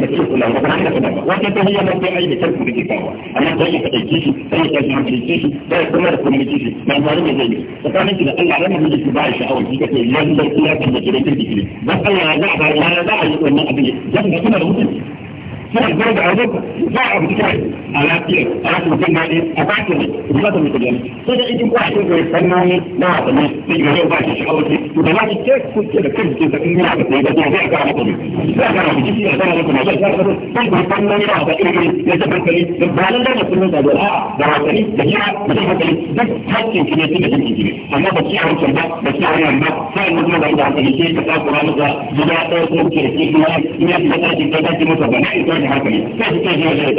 da ke kula da kuma da kuma wata ta hiyar da ai da karku da ke kawo amma sai ya kaɗaice shi sai ya kaji hankalce shi sai ya kuma da kuma shi na faru da zai tsakanin ki da Allah ran da ki ba shi sha'awar ki kace lallai kula da gidan kirki ne dan Allah ya za a ba ya za a yi wannan abin da kuma da mutunci sai zai da ayyuka za a bi kai a lafiya a lafiya jin daɗi a baki ne zuwa da mutum sai da ikin kwa shi zai san nani na haka ne sai ga yau ba shi sha'awar ce to da lafi ke kuke da kan jikin sakin yana da kai da zai zai kara maka ne zai kara maka jiki a zai maka ne zai kara maka sai ga san nani na haka irin ya ta hankali da ba nan da mutum ne da da da hankali da ya da hankali duk hakkin ki ne tun da jiki ne amma ba ki a hankali ba ba ki a hankali ba sai mun da hankali ke ka tsakura maka gida ɗaya ko ke ke kuma ya ta ta ta ta ta ta ta ta ta wani hankali sai su kai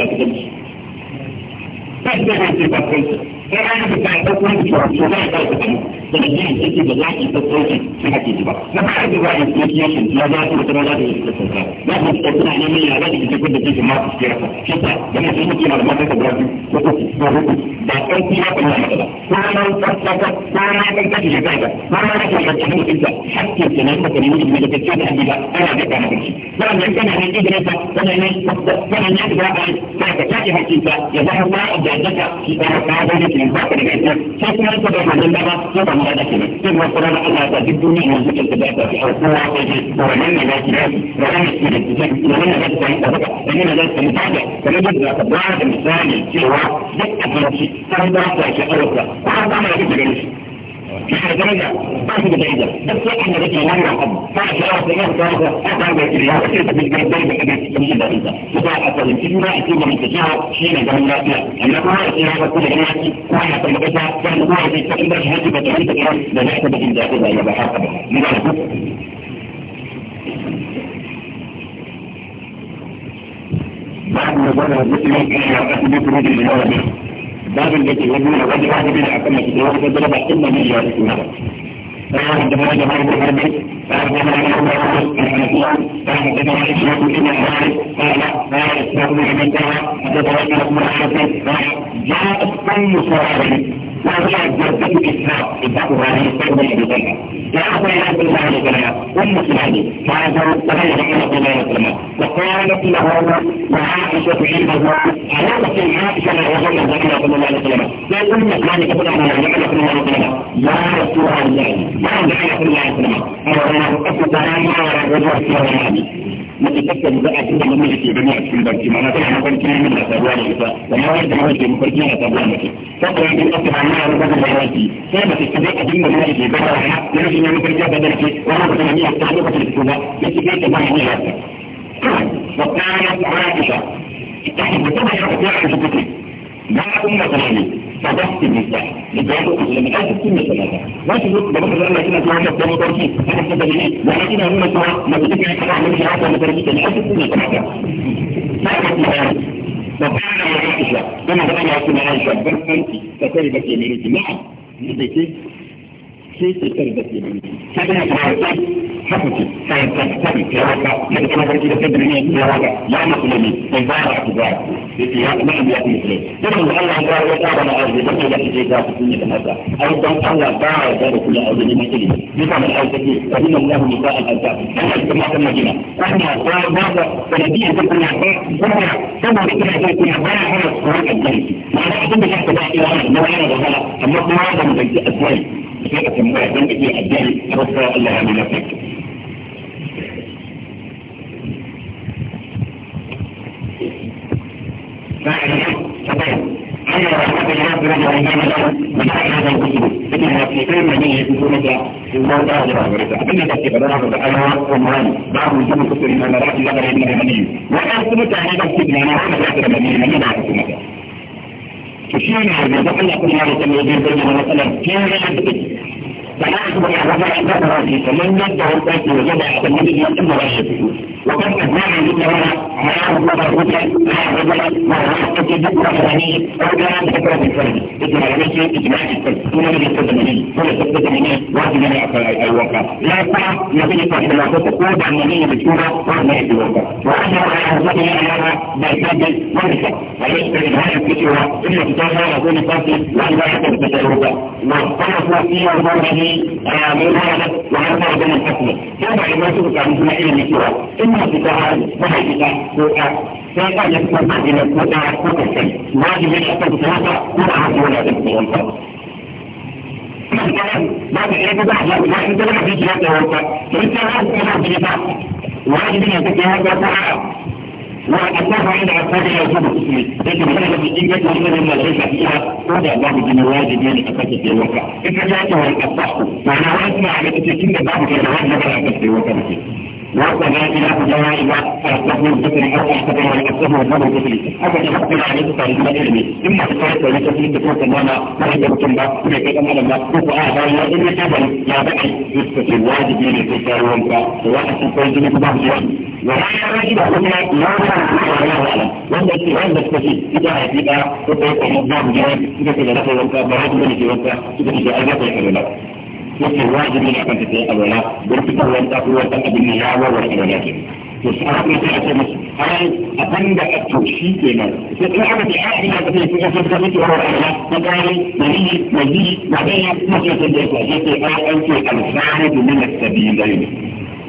da da ta a yi zuwa association ya za su mutum za su yi kasuwanci za su mutum suna neman yara da da ke jama'a ta da mutum mutum da matan ka guda ba ƙarfi ya kuma mata ba ko ma yi tsaka ko ma yi tsaka shi kaga ko ma yi tsaka shi mutum ta hakkin ta na maka ne mutum da kake da abida ana da kana shi ba ne kana ne idan ta kana ne kana ne da ba ta ka take hakkin ta ya zama ma da daga shi da ka ga ne kin ba ka da kai sai kuma ka da wannan da ba ko ba ma da kai sai ma kuma Allah ta duk duniya ne mutum da ta fi ko ma ko ne ko wannan ne da ki da wannan ne da ki da wannan ne da ki da wannan ne da ki da wannan ne da ki da wannan ne da ki da misali cewa duk abinci shi an ba ta shi aurata an ba ta shi gare shi har daraja ba shi da daraja da sai an da ke nan abu ba shi ya wata yan kawo a ta da kiriya a ce da bilgar bai da kada cikin shi da ita kuma a tsarin cikin ba a ce da mutu jawo shi ne zaman lafiya amma kuma a ce ya wata da yaki ko ya ta da ta ta da kuma zai ta inda shi hajji ba ta yi da kira da za ta da inda ta da ya ba haka ba ni ba da بعد ما بدأ الاسم يا أثبت رجل الله babin da ke wani wani wajibi ne akan mace da wata daraba in ba ne ya fi kuma قال حدثنا جمال بن حرب قال حدثنا ابن عمر عن حنفية قال حدثنا اسحاق بن مالك قال قال اسحاق بن عبد الله حدثنا ابن عمر عن حنفية قال جاءت ام سعد فهي جزء الإسلام اتقوا هذه السنة بذلك لأخذ إلى كل هذه الكلام أم سلالي فهذا الصغير إلى كل هذه الكلام وقالت له وعائشة عنده علامة عائشة لا يظن ذلك صلى الله عليه وسلم لا أم ذلك كل ما يعلم صلى الله عليه وسلم يا رسول الله ما يعلم صلى mace kakkan da a cikin wannan yake gani a cikin barci mana tana mafarki yana sabuwa da ita amma wanda ma yake mafarki yana sabuwa da ita saboda in aka hannu a rubuta da yaki sai mace ta ga abin da ma yake gaba da ya rashin ya mafarki da dace wani mutum ne ya ta lokacin da kuma ya ci gaita ma ne ya ta وقالت عائشة تحب تضحك في عائشة لا أم سلمي فضحت بالله لذلك لما كانت السنة ثلاثة ما تقول بمصر لما كنا في هذا الدم تركي أنا استدلني ولكن هم سواء ما تتكلم كما عملت هذا المتركي كان ألف السنة ثلاثة فأنا في ذلك وقال يا عائشة كما قال يا عائشة بل أنت فتربت يمينك نعم لديك نعم. sai ke kare da ke sai da ya حكمتي فيتكتبي في هذا يمكن أن يجد تدري في هذا لا مسلمي إنذار اعتبار في هذا نعم يأتي مسلم لكن الله تعالى يتعب على أرض بطل لك في ذات الدنيا هذا أيضا الله تعالى ذلك كل أرض مسلم بطل الأرض فإن الله نساء الأرض أنا اجتماع المدينة أحنا قال ماذا فنبيه بكل أحباب ثم ثم بكل أحباب هذا هو الجنة وأنا أظن بشكل ذاتي وأنا أظن أن هذا أما هذا من الأسوأ كتابة معظم في الأبدان رفع الله من نفسك أنا رحمة الله برد وإنما الأرض من هذا الكتب إنها في كلمة من يكتبونك في الموضع الرابرة أبنى تكتب الرابرة أنا ومعاني بعض نجوم كتب الأمارات لغير المدنية وأنا أكتبت عن هذا الكتب أنا أعرف أكتب المدنية من أعرف أكتبها شيء هذا دخل كل هذا التمييز بين مثلا في راتب فلا أخبر عن رفع الفقرة في فمن يدعو الفاتح وجد أحسن من يتم راتبه وكان هذا الجملة على مطلب الهدى على الهدى مع واسطة ذكرى فرنية أو كان ذكرى بالفرد إجماع نفسه إجماع الفرد هنا من التزمنية هنا التزمنية واجب على الواقع لا يقع نتيجة اختلافات تقود عن نمية بالكورة وأهمية الواقع وأنا على هدى أراها بأساس مرسى وليس من هذه الكسوة إلا كتابها يكون فرد وأن لا يحدث بتأوبة وطرف فيها المرحلي مبارك ya ba ima su ka kuma ilimin cewa in ma fita hali ba ha fita ko ka sai ka ya kuma ba ina ko ta ko ka sai wajibi ne ka fita haka ko ba haka wala da ko wanda ba ka iya ba ya ba in da ka fita da wanda sai ka ha ko ha fita wajibi ne ka ya ga ta والله عند عقابه يكون الاسم لكن هذا الدين يكون الذي لا شيء فيها هذا يعني بعض من الواجب يعني اساسي في الواقع ان جاءته الصح معناه اسمع على تتكلم بعض الواجب لا اساس في الواقع وكذلك جوائز ولا yake wajibi ne kanka sai alwala don fitar wanda ko wata abin ne ya warware alwala ke to sai aka ce ake musu ai abin da aka shi kenan sai kuma aka ce ai ina da sai ka fita miki warware alwala na gari na yi na yi na da ya kuma sai da ya ce ai an ce al-kharij min as-sabilain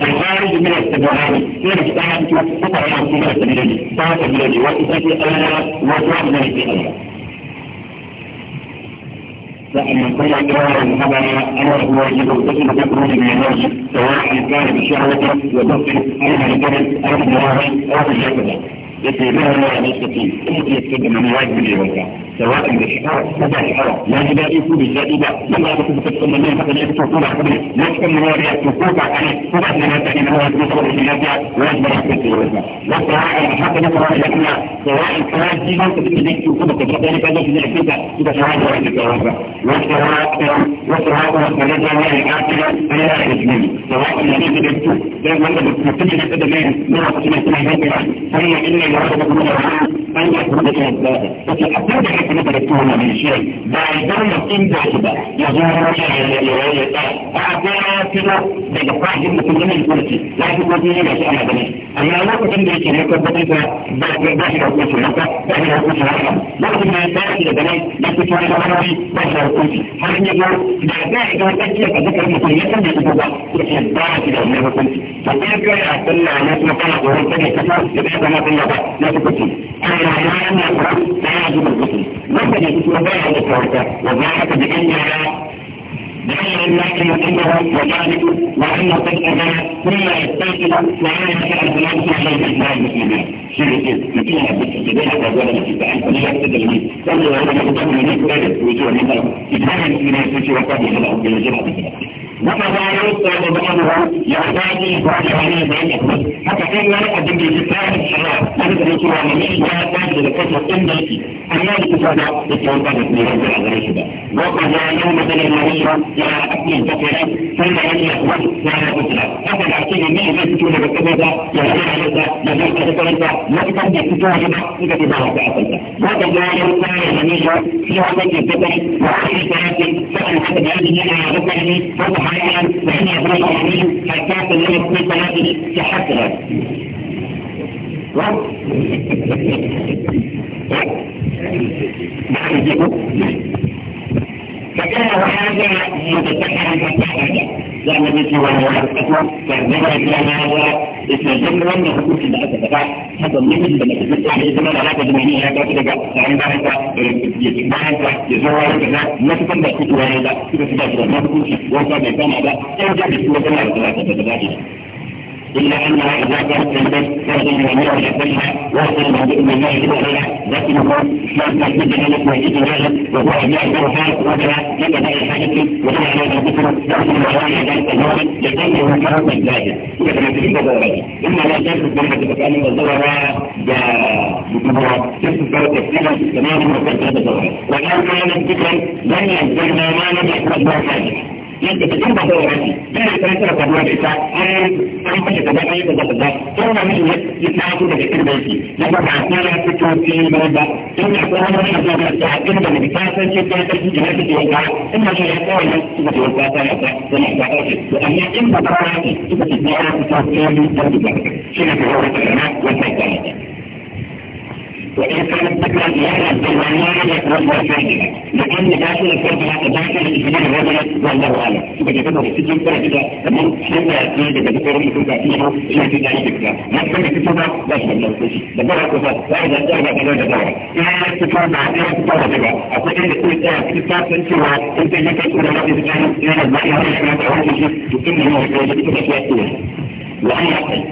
الخارج من السبعين هي الكتاب تفكر في السبيل فهو سبيل وإذا في الله وجعلنا في الله فإن كل إمام هذا أمر واجب القسم تكون بواجب سواء كان بشهوة وبطء أو هيكلة أو مرارة أو هكذا يتي ما هو يعني كثير إيه يتي من واجب الوجه سواء بالحرة سبع حرة لا جدا يكون بالجائبة لما تكون تكون من فقد يكون طول عقبه لا تكون من ورية تقوط عقبه فقد لا تكون هو يتنصر في الوجه واجب الوجه الوجه وسواء حتى نقرأ لكن سواء كان في موقف تجد تكون تجد ذلك هذا في الحقيقة إذا شهاد واجب الوجه وسواء وسواء وسواء العاقلة فلا يجمل سواء الذي تجد تكون لا من تجد تكون تجد تجد تجد تجد تجد تجد تجد تجد تجد أن يكون لك الزائد لكن أبدا حتى نتركتهم من شيء بعدما يتم ذلك يزور أعطينا بقاعدة مكلمة الكرسي لكن مدينة لا شأن هذا أما لا تتم ذلك يكبتك داخل الكرسي داخل الكرسي لكن ما يتعرف إلى ذلك لا تتم ذلك داخل الكرسي هل يقول لا داخل الكرسي فذكر المسلمين يتم يتبقى يتبقى إلى الكرسي فكيف يتبقى على نفسه وقال قرون تجي كفر يبقى في تنبقى يثبتي أن لا يملك لا يجب الذكر ليس يثبت ولا يملك وذلك بأن بأن الله يمكنه وذلك وأن صدقها ثم يستيقظ وأن يسأل بنفسه عليه إسلام المسلمين شيء يمكنها بالتسجيل على جوال الاتباع فلا يقتدى به كل يوم يقدم من يقتدى وجوه مثلا إسلام المسلمين في شيء وقد يجب أن يجب وكذا يستعد بأمره يحتاج بعد عليه يا أبي البكر ثم أن يقول يا بكر هذا العقيم من الذي تكون بالكبدة يا أبي عليك يا بيت ذكرت ما تقدر تتوهم إذا تبارك أخيك هذا الجواب كان يميل في عمل البدع وعلى ثلاثة فأنا حسب هذه أنا ذكرني وضحايا وأن أبناء العالمين حتى تنمو في ثلاثة تحسرا Thank you. فكانوا حاجة متسخرة مستحدثة يعني مثل وانا اكون فالنظر الى هو يتنظم لما يكون في بقى الدفاع حتى النظر لما تكون يعني اذا ما العلاقة الجماهيرية هكذا ترجع فعندها يعني انت يتجمع انت يزور كذا ما تكون بقى كتوى لا كتوى ما تكونش وصل بيتنا ده ترجع بسهولة كما إلا أنها إذا كانت البيت تجد من الله يقبلها وصل من بإذن الله يدخلها لكن هو إسلام تجد لك ويجد ذلك وهو أبناء الروحات وجهة لك ذلك الحاجة وهو على هذا الذكر يحصل على ذلك الجواب لكنه هو كرم الزاجر يكرم في الجواب إما لا تنسى كما تتكلم والضرر جاء بكبرى تنسى كما تتكلم تماما وكانت هذا الضرر وكان كان الذكر لن يزدنا ما لم يحصل به حاجة yadda ta kan ba da wani yana kan kira kwaduwa da ita an an kashe kaza an yi kaza kaza sai na mishi ya taso daga kan da yake na ba ba ta na fito sai ba ba sai na ko wani na ba ta kan da mai tasan ce ta kashi da yake da wata in ma ya ko wani su da wata ta ya ta sai ta kashi to amma in ba ta kashi su da ta fito sai da ta shi na ko wata na wata ta وإذا كانت فكرة زيادة بالمعنى والله فاجئة لكن داخل الفرقة داخل الإسلام الرجل والله أعلم إذا كانوا في سجن كرة كده كمان حتى في إذا كانت فرقة كنت فيها شيء في ذلك كده ما كان في سبب بس ما بنقولش ده بره كده وإذا كان كده ده بره إيه تفهم مع إيه تفهم كده أقول إن كل ده في سبب أنت هو أنت اللي كنت ولا في كان إيه ما يهمك أنت هو شيء تكمل هو كده كده كده وأنا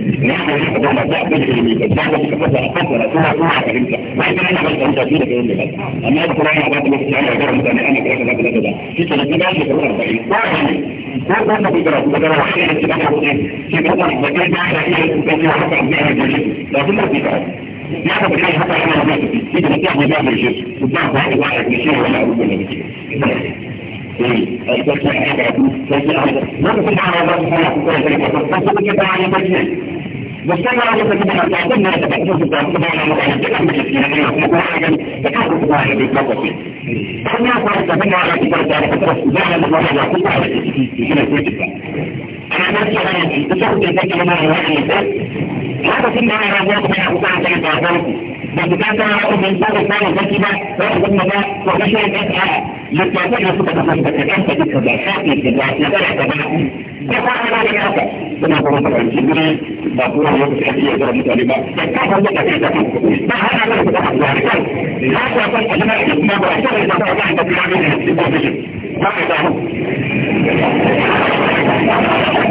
نحن لما تأكل في الميزة نحن نتفضل أكثر سنة سنة كلمتها وإذا أنا بس أنت أكيد في الميزة أما أذكر أنا بعد ما أستطيع أنا أجرم أنا أنا كلاك ذاك ذاك ذاك في ثلاثين ألف كبيرة أربعين كل ما بيجرى بيجرى وحيد في بعض في بعض المكان ده إحنا فيه في حتى عندنا جديد لكن ما بيجرى نحن بنحاول حتى إحنا ما بيجرى إذا بنتعب نعمل شيء بنتعب واحد واحد بنشيل ولا أقول ولا بيجرى مرة في العربة في كل ذلك فصل كده على مجلس والسنة لو تجدها تعتمنا تتكتب في التعقيد على مكان تكتب في مكان تكتب في مكان بالضبط فما فرصة بنا على كتاب تعرف الدرس زعل الله على كل على في كل كتاب أنا نفسي أنا تشوف تذكر ما هو haka sun da ana zuwa kuma ya kusa a kan kasuwanci da ku kasa ya kuma ba da samun sarki ba za ku kuma ba ko kashe ya kasa a littafin da suka kasa da kasan da duka da shafi da ba na tsara ta ba ko ka ana da kasa suna kuma fahimci guri ba kuma ya kusa iya zara mutane ba da kafa da kasa ta kan ba har ana da kasa da kan ya kuwa kan ajiyar da kuma ba a kasa da kasa da kasa da kasa da kasa da kasa da kasa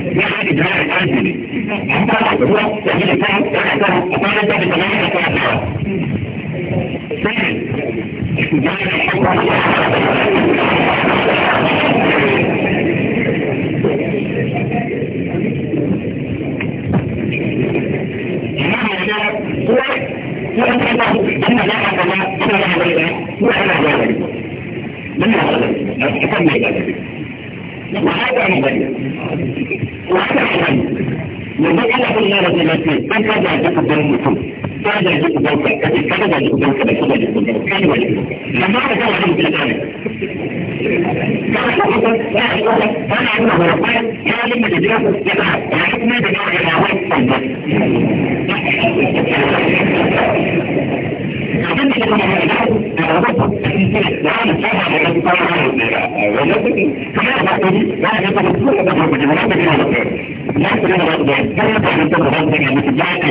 الإجراء الأنزلي حتى هو تحليل الفعل تحته أطالة بتمام الفعل ثاني استجابة الحكم قدام المسلم كذا يجيب قدامك كذا يجيب قدامك كذا يجيب قدامك كذا يجيب قدامك لما أنا كذا يجيب قدامك أنا عندنا مرقين يا لما تجيب يبقى يعني ما تجيب يا وين صندوق عندنا كذا مرقين أنا ربطة وأنا سامع لك طبعا ولكن كمان بعدين لا يبقى مطلوب أنا بجيب لك لا تجيب لك لا تجيب لك لا تجيب لك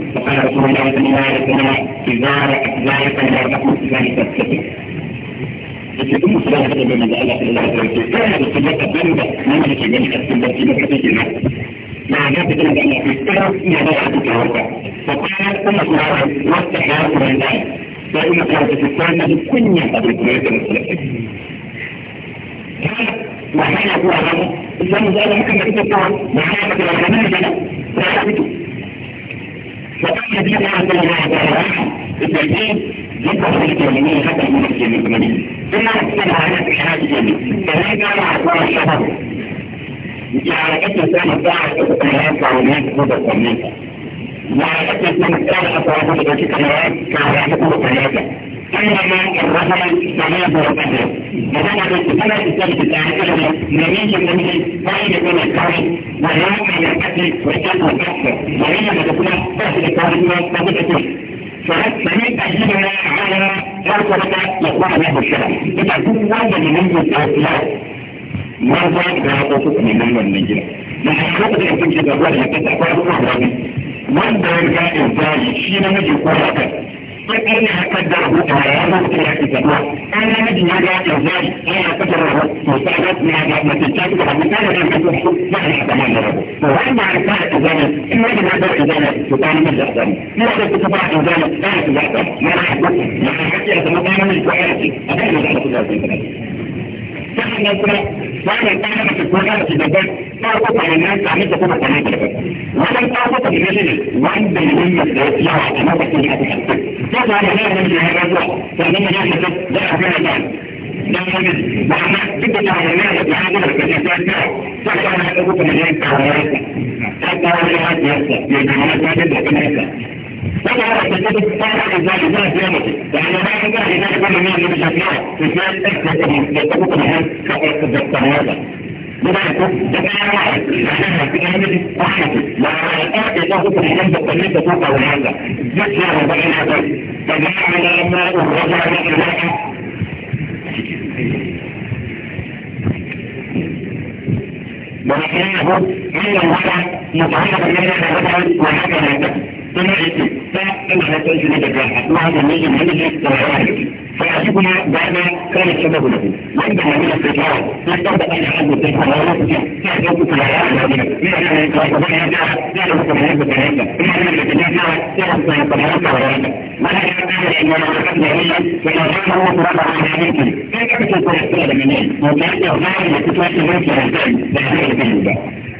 فقال رسول الله صلى الله عليه وسلم إذا رأت ذلك لا تقل ذلك تبتكر يكون مسلم هذا بما جعل في الله عز وجل كان السبب الدنيا من يجي من السبب في مكتبنا مع ذلك كان بأن الإسلام يضع عدد الوقت فقال أمة العرب واستحياء من ذلك فإن قرأت الإسلام كن يقبل كويت المسلمين وحياة الله لم يزال حكم الإسلام وحياة العلماء الذين آمنوا وآباءهم التأكيد ذكر الجميع حتى المسلمين ثم أكثر على إحراج الجميع كذلك مع أطوار الشهر لحركة كانت ساعة تتطلعات وعلمات مدة ومنها لحركة كانت ساعة تتطلعات وعلمات كامرات كامرات وثلاثة أنما الرجل سماه وقدر وهذا الكتاب الكتاب تعالى نبي من قائد من الكون ويوم يأتي ويكون الكفر وهي تكون تحت الكون وقدرته فمن تجدنا على مرتبة يقوم به الشرع إذا كنت واحد من الأسلام مرضى بهذا من المنجلة لكن هذا الكتاب الكتاب ولا يتسع ولا يتسع ولا يتسع ولا يتسع ولا يتسع sai ina haifar da abu da ya zo da ya fita ba an ga miji ya ga ta zai yana fitar da to sai ga ya ga mace ta fita da mutane da ta fita ba ya ga man da rabu to wanda an fara ta zama in wanda na da ta zama to ta nuna da zama in wanda ta fara ta zama ta ta zama mana ya ga ya zama ta nuna da zama a kan da ta zama sannan nan kuma wannan ta hana ta kuma ta daban ta ko ta nan ta ne ta kuma ta ne ta wannan ta ko ta ne ne wanda ne mun da ya ta ma ta ne ta ta ta ne ne ne ya ga ta ne ne ne ta da ta ne dangane da amma duk da kawo ne da hannun da kace ta ta ta ta ne ta kuma ne ta ta ta ta ta ta ta ta ta ta ta ta ta ta ta ta ta لما هو تجد طبعا إذا إذا جامد يعني ما إذا إذا كل من اللي بيشافيه إذا أكتب يتبقى الحال فأكتب الطوالة لما يكون ده أنا واحد عشان في أمري واحد لا أنا أكتب الحال بقلبي تطلع والحال زيت يا ربع الحال فجعل لما الرجع إلى ولكنه من الوضع متعلق بين الرجل وحكم النفس كما يتي فأنا هيكون في ذلك مع جميع المنزل والعوائد فأجبنا بعد كان السبب له وعندما من الفتاة يسترد أن يحب الدين على وقته يحب في العوائد من أن يتعرض بها جاء يعرف كما يبقى عنده من أن الاتجاه جاء يعرف كما يبقى عنده ولا يتعرض أن يرغب جميعا فإن كان هو تربع على ممكن كيف تكون تسترد منين وكأنه غير يتفاصل ممكن الدين لأنه يتجاه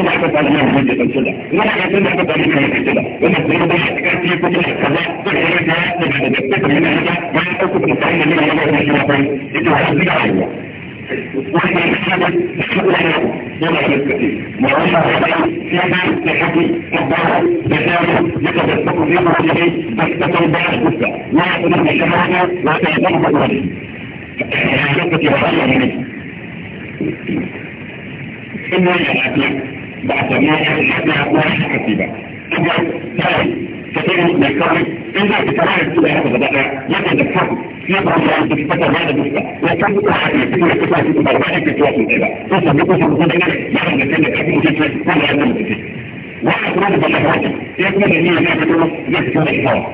wannan da aka faɗi nan zai da kila wannan da aka faɗi nan zai da kila wannan da ya shi kan shi kuma da kaza da ya da ya da da da da da da wannan ko kuma da wannan da wannan da ya faɗi ita wannan da ya وإذا كانت الشغل له ولا يستطيع وعما هذا سيما تحدي كبار بسامه يتبسط في مرحله بسطة بعد بسطة لا يتنم شمعنا لا تعلم مقرده هذا يستطيع هذا منه إنه يعطيك بعد ما ما ما حسيبه كثير من الكرم إذا تتعرف كل هذا بدأ يجد الحق في بعض الدكتور هذا دكتور وكان يتعرف في الكتاب في برنامج التواصل إلى وصل بكل مدينة بعد ما كان يكون في كل هذا المدينة واحد رد بالأخوات يكون هي ما تقول نفس الحوار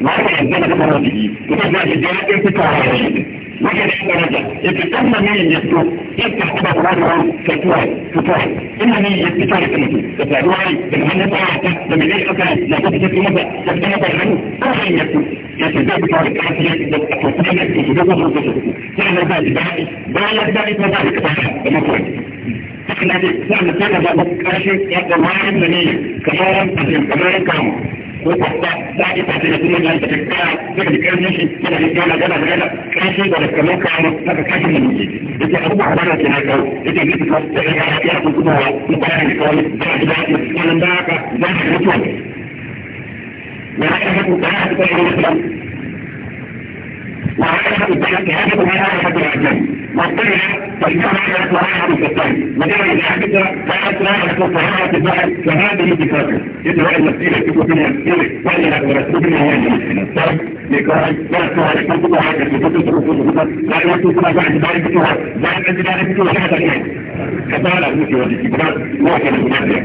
ما كان ذلك مرة به وكان ذلك الجواب يمسك كان وجد درجة يتسمى من الدستور يفتح كده قرآن فتوى فتوى إما من الدستور الكنسي فتوى بالمهنة طاعته بمليئة فتوى لا تفتح مدى تفتح مدى الغنو أخي يكون يتزاد بطور الكنسي وكما يكتب جدوه وخصوصه فعلا بعد بعد بعد بعد مدارك بعد بمطلع احنا دي نعمل كده بقى كاشف يقوى واحد منين كفارا أزيم كمان كامو والأحداث بعد تعديل كل ما يتفكر كيف كان ماشي كده رجاله جاله رجاله كان شيء ولا كمان كان ما كانش من يجي انت حروب عباره عن هذا انت جيت خلاص تعالى كده كنت هو مكان خالص بعد بعد الكلام ده ده مطلوب ما حاجه هتتعامل وعلى الجهاد وعلى الجهاد والطلع فإنها كانت مرحلة الطلع مجال الجهاد كانت مرحلة صحابة البحر كهذه الدفاع يدعو إلى السيرة كتب منها السيرة وإلى ورسول منها وإلى السيرة لكوهي ورسول على كتب وحاجة كتب رسول الله لا يكتب ما بعد ذلك كتبها بعد ذلك كتبها كتبها كتبها كتبها كتبها كتبها كتبها كتبها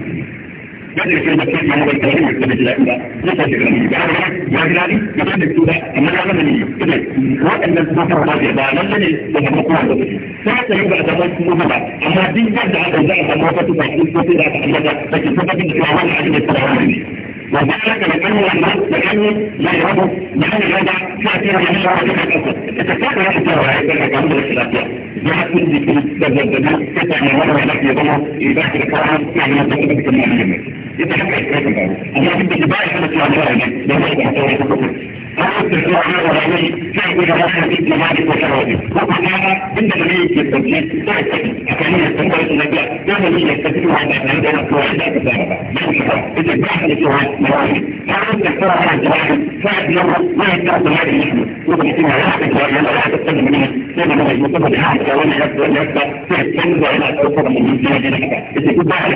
yadda ke da kai mu da kai da da lafiya ne ko da ni ba ya ga ni ya da ku da amma na ga ni kuma waɗannan su fara ba da nan ne da kuma kuma da sai ta yi ba da wani kuma ba amma din da aka za a samu wata tuka ko da aka amma da take tabbatar da cewa wannan abin da ta rawa ne وذلك لأن الناس تجنب لا يربوا لأن هذا تأثير من الشعر في الأسد تتكاثر الشعر عندما يتعمل الاختلاف جاءت كل تبدل تتعمل مرة لك يضمه إباحة الكرام يعني مدرسة كمان جميل يتحقق هذا الأمر أنا أحب الإباحة التي أمرها لك لأنها تحتوي على فأنت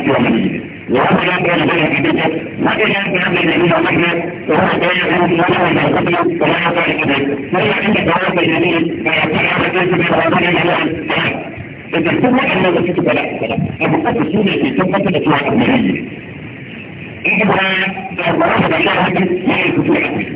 في وأنا لا أقول ذلك بك ما تجعل بهذا الذي أمرنا وهو دائع أن يرى ما يقبل ولا يقبل كذلك ولا عندك دعوة الجميل ما يقول هذا الذي يقبل ولا يقبل إذا كل أن وصفت بلاء السلام أبو قد سوريا في تنفة الإطلاق المهيئ إذا أردت أن أشاهد ما يكتب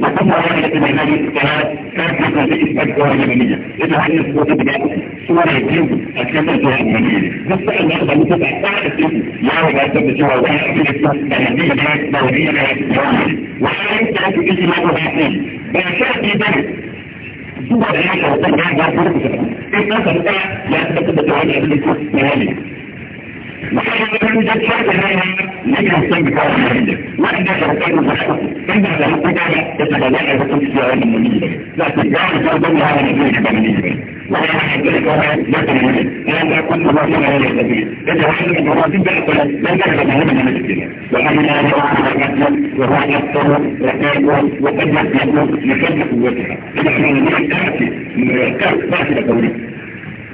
وكما وجدت برنامج الكلام تثبت نتيجه الجوهر اليمنيه اذا هي الصوره بجد صوره يجب اتكلم الجوهر اليمنيه بس انا اخذ من تبع تحت السيف يا رب عزت الجوهر وانا احكي لك تهديد تهديد وحالا انت لازم تيجي معه بعدين بعد كده بيبان صور عيشه وصور عيشه وصور عيشه ايه الناس بتاع لا تبقى تتعامل قبل الكوست محمد بن جبر لم يهتم بكلام الهند وإن تهتم بحقه إن حقك تتبلغ حكم السؤال النبي لا تجعل تردم على نبيك بالنبي ولا يحدثك ولا يتمنى لأن كل ما كان هذا السبيل إذا حدث المراتب بأسنا لن تهتم هنا من المسكين وأن لا يرى الرحمن وهو يفتر ويقول وقد يفتر لكي قوتها إذا كان من الكافي من الكافي باحث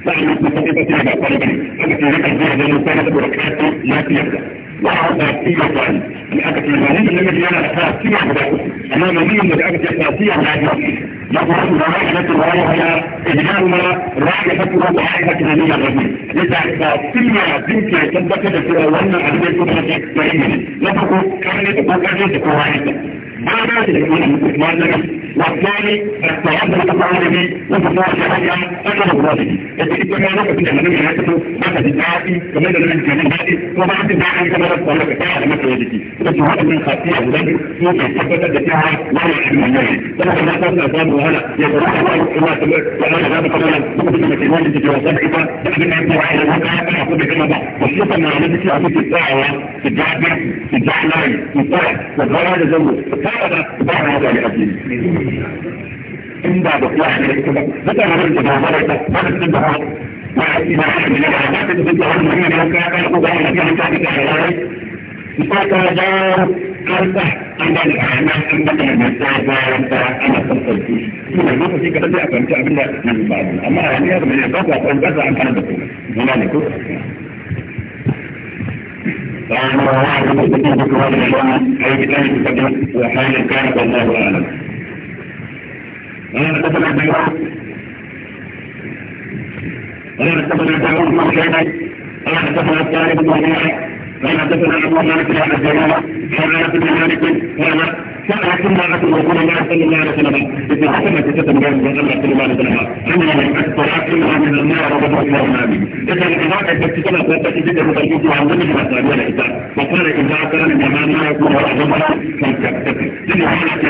بعد ما تتبع تتبع طالبين أنت لك الزيادة من المساعدة بركاته لا تيبدأ وعرض فيها طالب الأبد المعلوم الذي يرى أساسية بذلك أمام مين الذي أبد أساسية بذلك نظرة رائحة رائحة إجمالنا رائحة رائحة كنانية الرجل لذا أساسية بنت يتبقى تتبقى وانا أبدا يكون لك كريمة نفقه كانت وكانت رائحة ماذا تجدون الاستثمار لك والثاني التعرض التطاوله وتصاحبها أكثر الراجل التكتب ما نفت إلى منو يحسب بعد الدعاتي ومن لم يكن الدعاتي وبعد الدعاتي كما نتصرف فيها لما تواجدي فالجهات من خاطئة أولاد ممكن تثبت فيها ولا يحب المالي فنحن نحن أفضل وهلا يتراح الله كما تبقى وأنا هذا قبلا ممكن ما تكون ba a da ba in ba da kuwa ba ita ba mutanen da ba mara ta ba da sun ba ba a ina da ne ba ta da da wannan ba ka ka ko ba ba ka ta da ba ita ka da karta an da ana an da ba ta ga ta ba son sauki ina ba sai ka da ba kanta abinda nan ba amma ba ya zama ne ba ta kan ba an kana da kuma ne ba فأنا واحد يمكن أن يكون أي كان يتكلم وحال كان والله أعلم أنا أتفق بالوقت أنا أتفق بالوقت أنا أتفق بالوقت أنا أتفق بالوقت قال حدثنا عبد الله بن عبد الجلال قال انس بن مالك قال سأل كنا رسول الله صلى الله عليه وسلم إذا حكمت ستة مرات من الله صلى الله عليه وسلم أننا من أكثر أكثرها من النار وبدأ الله نامي إذا الإضاءة تكتنا فأتت جدا وتجد عن ذلك ما سألنا الإنسان وقال إذا كان اليمان لا يكون أعظمها فلتكتفي لأنه حالك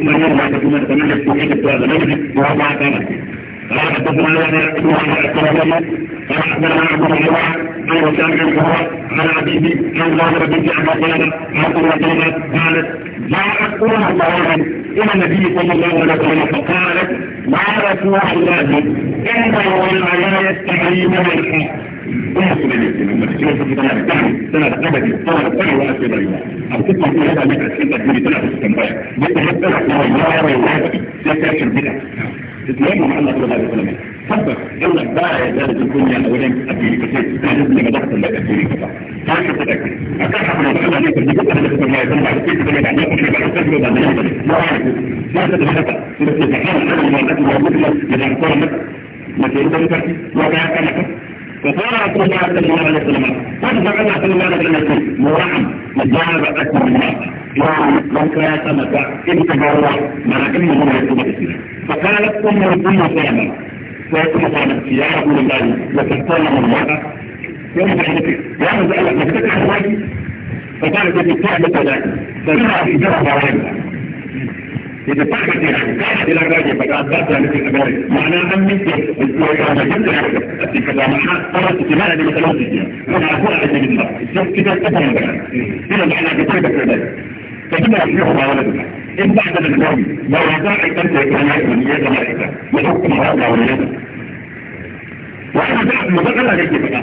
من يرمى تكون تمنى السوحيد السؤال لنجد وهو ما كان قال حدثنا يحيى بن يحيى الكرمي قال حدثنا عبد الرحمن عن وسام بن فهد عن عبيدي عن ظاهر بن جعفر قال عن قرتين قالت جاءت امه مرارا الى النبي صلى الله عليه وسلم فقالت يا رسول الله ان العلم يستعين بالحق ويحصل الاسلام والاسلام في كتاب الدعم سنة أبدي طلب أي وقت الرجوع أو تسمع في هذا من أسئلة من ثلاثة استنبايا يتحدث عن الله ويوافق سيكاشر بدعة استثناء محمد صلى الله عليه وسلم tabbas Allah ba ya da da kunya a wajen addini ka ce ka ji daga zaka da addini ka ta ka ta kai akan haka ne Allah ne ka ji da da kunya dan ba ke da da ne ka ba ka da da ne ba ya ta da haka da ke da haka da da da da ko ne ma ke da ka wa ka ka ka فصار رسول الله صلى الله عليه وسلم قد فعل صلى الله عليه وسلم مرحم مجال رأسه من الله ومن كان سمك إن تجرى ما لكنه هو يتوب الإسلام فقالت ام الدنيا فعلا فيقول قالت يا رسول الله وتكلم الله يوم ذلك يا رسول الله نفتك حوالي فقالت ان الكعبة ذاك فجرى في جرى فرائبها إذا يعني كانت إلى الراجل فقالت مثل أبارك معنى أن مثل كذا جدا أتي كلامها قرأت سمانا لمتلوثية وأنا أقول عز من الله كده أبارك إلى معنى كتابة كذلك فجمع فيهما ولدها إن بعد الإسلام لو يزال كنت يكون وليا ملائكة وحكم هذا وليا وأنا بعد مبادرة ليك بقى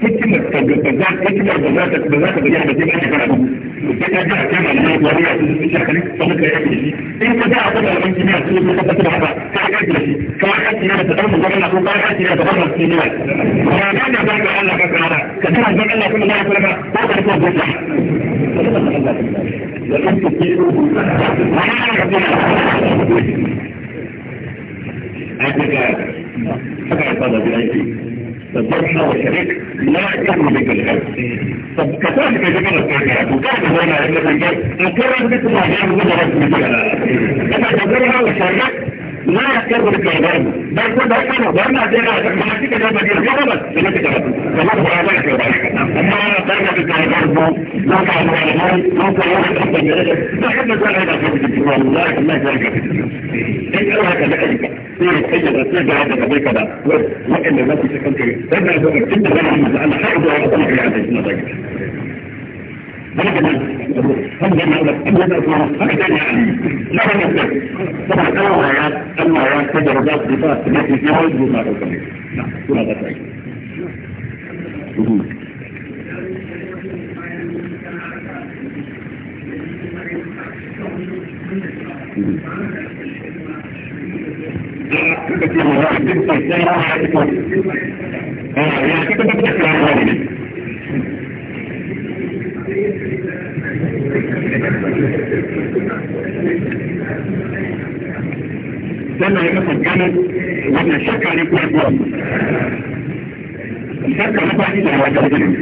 hikimar da hikimar da za ta ba za ta bayyana da zai kana karatu sai ka ga kana da wani wani ya tsinci shi kan kuma ka yi shi in ka ga abu da wani kimiyya su ne ka tabbata haka ka ga shi ka ga shi ne da tsarin gwamnati ko ka ga shi ne da wannan kimiyya ba ga da ba ga Allah ka kana ka kana ga Allah kuma ya kula ka ko ka ko ka لكن تكيروا ولا أعرف أنك أتى هذا بأيديك تتبقى وشريك لا يهتم بك الغرب طب كتابك يجب ان ترجعك وكانت هنا يجب ان ترجعك وكانت بكم عجاب مجرد مثلا انا تذكرها وشريك لا يهتم بك الغرب ده يكون ده كان وضعنا دينا تحكيك ده مدير جبلت لما تكتبت فالله بقى لك اما ترجع بك الغرب نوقع الغرب نوقع واحد حتى جريك ده حد مثلا هنا والله ما يرجع بك انت اوهك لك sai da haka bai kada wa'anda za su ta kankare sai da haka tun da zama masu Allah har zuwa wata kare a cikin zaki ولكن هم لما يقولون لا يمكن طبعا انا وعيات اما وعيات تجربات بفاس التي تجاوز بما تقول نعم كما ذكرت Mm-hmm. لما يمسك الجنب وانا الشك عليه كل جواب الشك على بعض الى وجه الجنب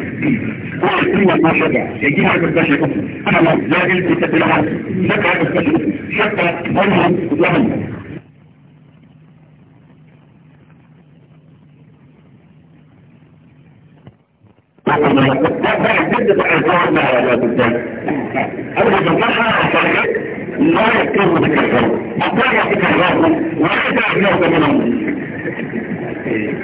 هو السن والما شجع يجي على البشر كفر انا لا زاجل في تتلعب شك على البشر شك ظنهم ظنهم لا يكون بكثرة أطلع بكثرة ولا يدعي نوبة منهم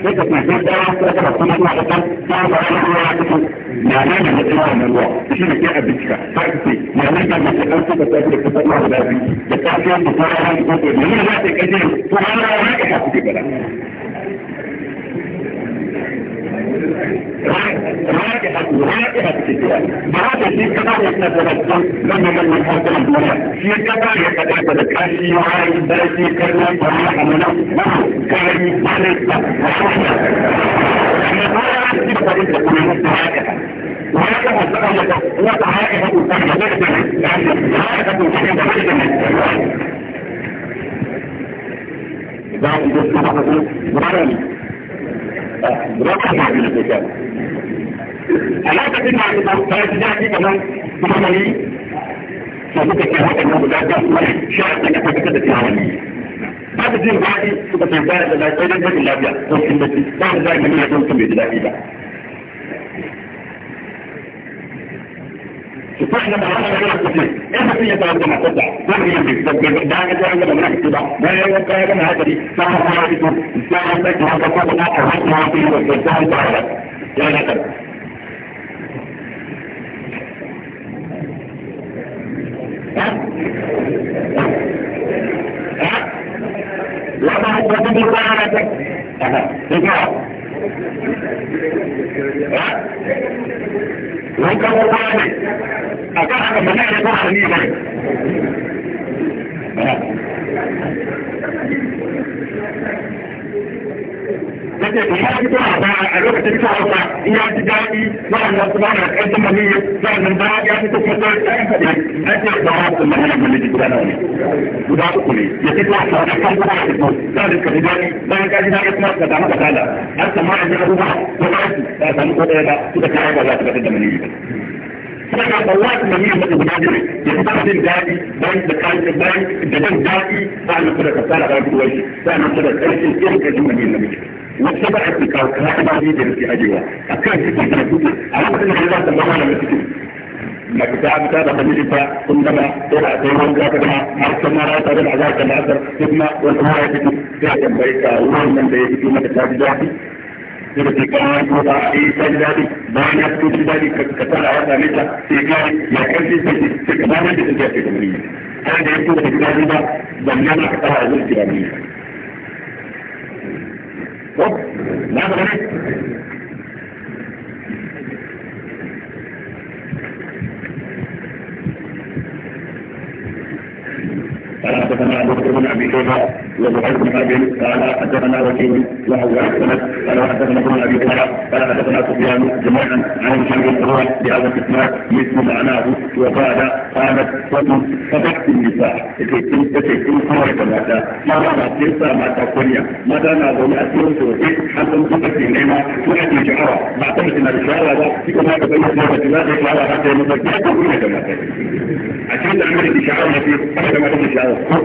لكن ما زلت أنا أتذكر الصمت ما أتذكر صار على الله أتذكر ما لنا نتلوه من الله شو نجي أبدك فأنتي ما لنا ما تقولت بتأكل كتاب الله لا بي بتأكل مصارعة بتأكل من لا تكذب فأنا لا أكذب رائحة رائحة الكتاب هذا في كتاب يتنزل لما من الحرب الأولى في كتاب يتنزل كاشي يعاني بلدي كلام ورائحة منه نعم كلامي مالك وحوحنا أنا ما أعرف كيف تريد أن يكون رائحة رائحة تقلت وطعائحة تقلت رائحة تقلت ذلك يصبح مرض ألا تكن عن المستوى كمان كمان لي فبدك يا هذا الموضوع ده مريض شاعر أنك تكتب في عالمي بعد ذي بعدي تبقى في البلد لا تجد لا تجد لا تجد لا تجد لا تجد لا تجد لا تجد فاحنا بعرفنا كده كتير ايه في يتعدى ما fito ko ta kai ka ne ake fara da mahalla da liji guda ne guda uku ne ya fito a fara kan guda ne ko da ka ji dani bayan ka ji dani kuma ka samu kasala har sama an ji abubuwa ko ka ci ka samu ko da ka kuka kare ba za ka fitar da mani ba kuma ka Allah kuma ni mutum guda ne ya fita da dadi bayan da kai da bayan da dan dadi ba na kuda kasala ba ku wai sai na kuda kai ki ka ji mani ne wata ba a cikin kawo kuma ba ne da ke ajewa akan cikin da kuke a lokacin da Allah ta mamala da cikin لكن ما كتاب متابعة مجلسة ثم تلع تيمون ذاك دماء مرسلنا رأيت أدل عزارك العزر ثم والأمور يتكي ذاك بيك الله من بيك ثم تتابع ذاتي يبقى كمان يوضع أي سجدادي بان يبقى سجدادي كتال عيادة مثل سيقاري ما كان في سجد سكبانا بسجد في تمرية هذا يبقى سجدادي ده ضمننا كتال عزيز كرامية لا بغنيت قال حدثنا ابو بكر بن ابي شيبه وسعيد بن ابي قال حدثنا وكيل وهو احسن قال حدثنا ابن ابي هريره قال حدثنا سفيان جميعا عن هشام هو بهذا الاسناد مثل معناه وقال قالت فتن فتحت النساء تكتم تكتم صورة ماتا ما رانا تنسى ماتا كونيا ماذا نظن اسير سوتي حتى نصبت النعمة تؤدي شعرها ما تمتنا بشعرها كما تبين سوره لا تشعرها حتى يمسك يا كونيا عشان تعمل بشعرها في حتى ما تمشي على الصوت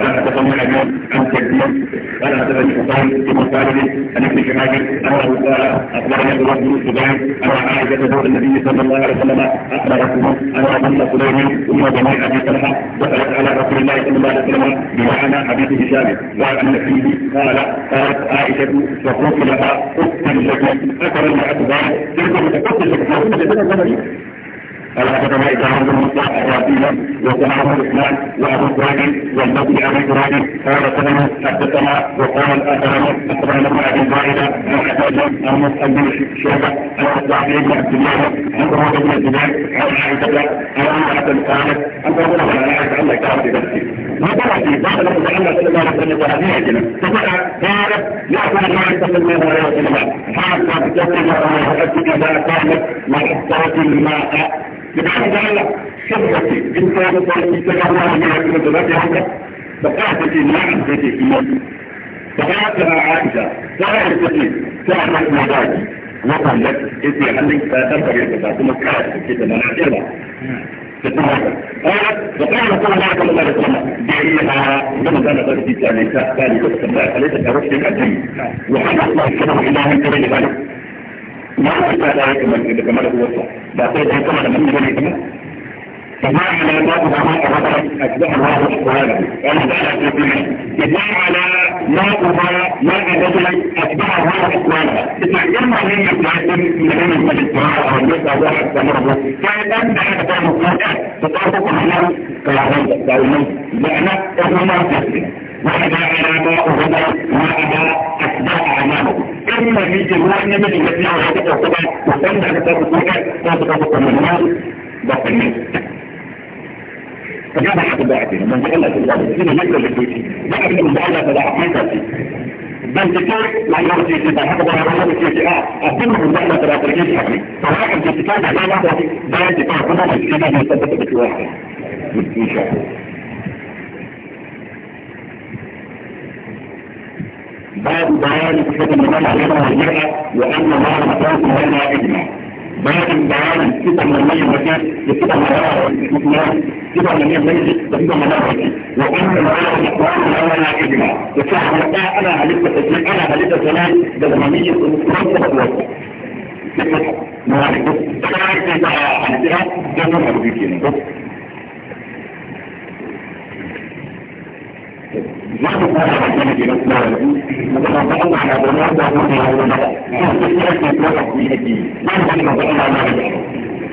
قال حدثني حجاج عن كثير قال حدثني حسين بن خالد عن ابن شهاب انه قال اخبرني عبد الله بن الزبير ان عائشه زوج النبي صلى الله عليه وسلم اخبرته ان ام سليم ام جميع ابي طلحه دخلت على رسول الله صلى الله عليه وسلم بمعنى حديث هشام وعن فيه قال قالت عائشه فقلت لها اختي لك اثر المعتبر تلك متقصده قال حدثنا إسحاق بن مصطفى الرافيلا وسمعه الإسلام وأبو سعيد والنبي أبي سعيد قال سلمه حدثنا وقال أخبرنا أخبرنا ابن أبي زائدة عن أسد عن مسعد بن شعبة عن إسحاق بن عبد الله عن عروة بن الزبير عن عائشة عن امرأة قالت أن تقول على عائشة أنك تعرف بنفسي وقال في بعض الأمر أن صلى الله عليه وسلم وهذه أجنة فقال قالت يأكل النبي صلى الله عليه وسلم حتى تكتب الله أكتب إذا كانت محصرة الماء لحد على خبرتي انت يا مطلوب تتكلم مع الكتابات عندك بقاعدتي نعم بيتي في مصر فقالت لها عائشة تعرف تقيم تعرف مزاجي وطن لك انت عندك تنبغي الكتاب ثم تعرف كده انا اعتبر قالت وقال صلى الله عليه وسلم بعيها لما كان قد في ثاني ثاني وقت ليس كرشد الدين وحدث الله سبحانه وتعالى من قبل ذلك ما أتبع ذلك من إذا كمال قوته لا تجد أن كمال من ذلك فما على ما أبعاد أبعاد أتبع الله سبحانه أنا دعنا في إذا على ما أبعاد ما أبعاد أتبع الله سبحانه إذا يرمى من يتعلم من أن من الدعاء أو الناس أو واحد تمره فإذا دعنا كان مصادع فتعرفوا أحنا كلاهون دائما لأن أهما تسلم وإذا على ما أبعاد ما أبعاد أتبع أعماله kan namiji wani namiji da ya haka da kuma musamman da ta kuma ta ta ta kuma da kuma فجاب حق داعتنا من تقلت الضابط هنا يقدر بالبيتي ما قبل من بعضها تداعب ما يكفي بل تكار لا يرجي إذا حق داعب الله في اتقاء أقل من بعضها تداعب الجيش حقي فواحد في اتقاء داعب الله في اتقاء فما في اتقاء من سبب بكواحد إن شاء الله باب بيان صفة المرأة لها المرأة وأن الله مخلوق لها إجماع باب بيان صفة المرأة المكان لصفة المرأة والإسلام المكان المرأة الميت وصفة المكان وأن الله مخلوق لها إجماع وصاحب أنا هلبة تسليم أنا هلبة سلام ده زمنية ومسلمة وصفة ما عليكم. تعالوا نتابع الاعتراف ده نمر بيكي نحن نتكلم على بنات وعلى ولد نحن نتكلم على الدين نحن نتكلم على الدين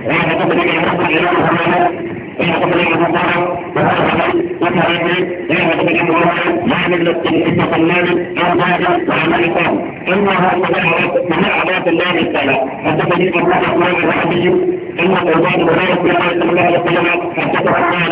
نحن نتكلم على الدين إن قبلين مطارا وهذا وتعامل إن قبلين مطارا يعمل للتنسيق النام أو هذا وعمل قام إن هذا من أعراض الله تعالى حدثني الله أخوان العربي إن قربان مبارك صلى الله عليه وسلم حدثه قال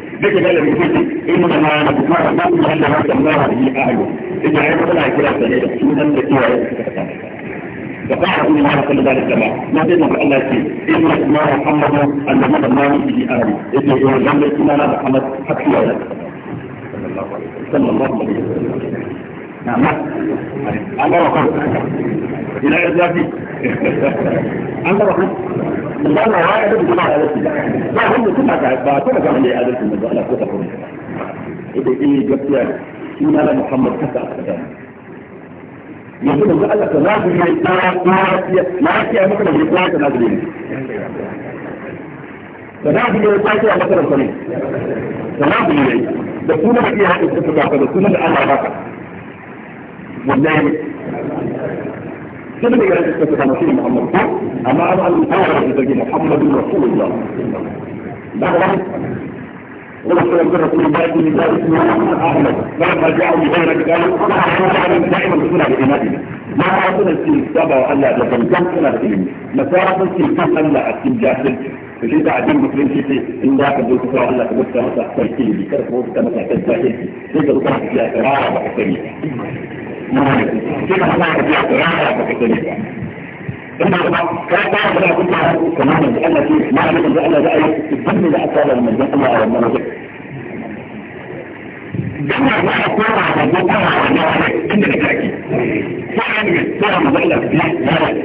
ليس قال لي كنت انما انا بسمع ما كنت هل هذا الله به اهله اذا عرف فلا اعتراف عليه شو ذنب السوء فقال رسول الله صلى الله عليه وسلم ما بين الله شيء ان الله محمد ان هذا الله به اهله اذا هو ذنب السوء لا محمد حتى صلى الله عليه وسلم نعم الله وقرب إلى إذلك الله وقرب الله وقرب الله وقرب ما هم كما كما كما من يأذل في المزوء لا كتا قرب إذا إيه جبت إيمان يعني؟ محمد كتا أكتا يقول الله لك لازم ما يتعرف ما يتعرف ما يتعرف ما يتعرف ما يتعرف فنعم يقاتل على مثلا صليب فنعم يعيد بس هو ما فيها الاتفاق بس هو اللي قال والنايم كده اللي جالس في محمد اما انا المحاور اللي محمد رسول الله ده واحد ورسول الله رسول الله من ذلك محمد احمد لما جاءوا لذلك قالوا انا دائما رسول على ايماننا ما عرفنا السبع الا لكن كم سنه الايمان ما تعرفنا السبع الا اكيد جاهل فشي بعدين مسلم شيء ان ذاك الدول كفر الله كبرت مثلا تحتاج كلمه كرفه كما تحتاج جاهل تقدر تحتاج قراءه وحكمه ممالك كيف أصبحت في اعتراض على تفكيرها إما كانت تعرف أنا كنت كمان بأن في ما عليك بأن ده أي الدم لا أصاب من الجنة الله على المنازل جمع ما أصاب على الجنة على المنازل كنا نتأكد فعلا من السلام بقول لك لا لا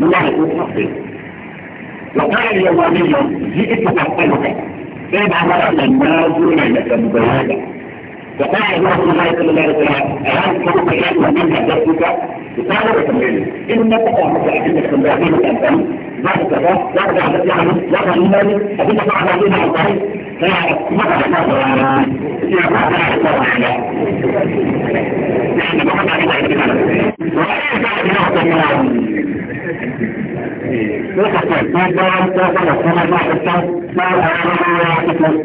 والله يكون حقي وقال اليومانية جئت تسألك إيه بعمل الناس ليلة مباركة فقال رسول الله صلى الله عليه وسلم أهل كل تجاهل من هدفك فقال وتمرين إن تقع مثل أجل التمرين الأنسان ذات كذا ذات عدد يعني ذات إيمان أبيت مع الذين أعطاني فماذا نظر إلى ماذا نظر على نحن ما نعرف عن الإيمان وأين بعد نعطي الإيمان لا تقل ما دام تقل ما دام تقل ما دام تقل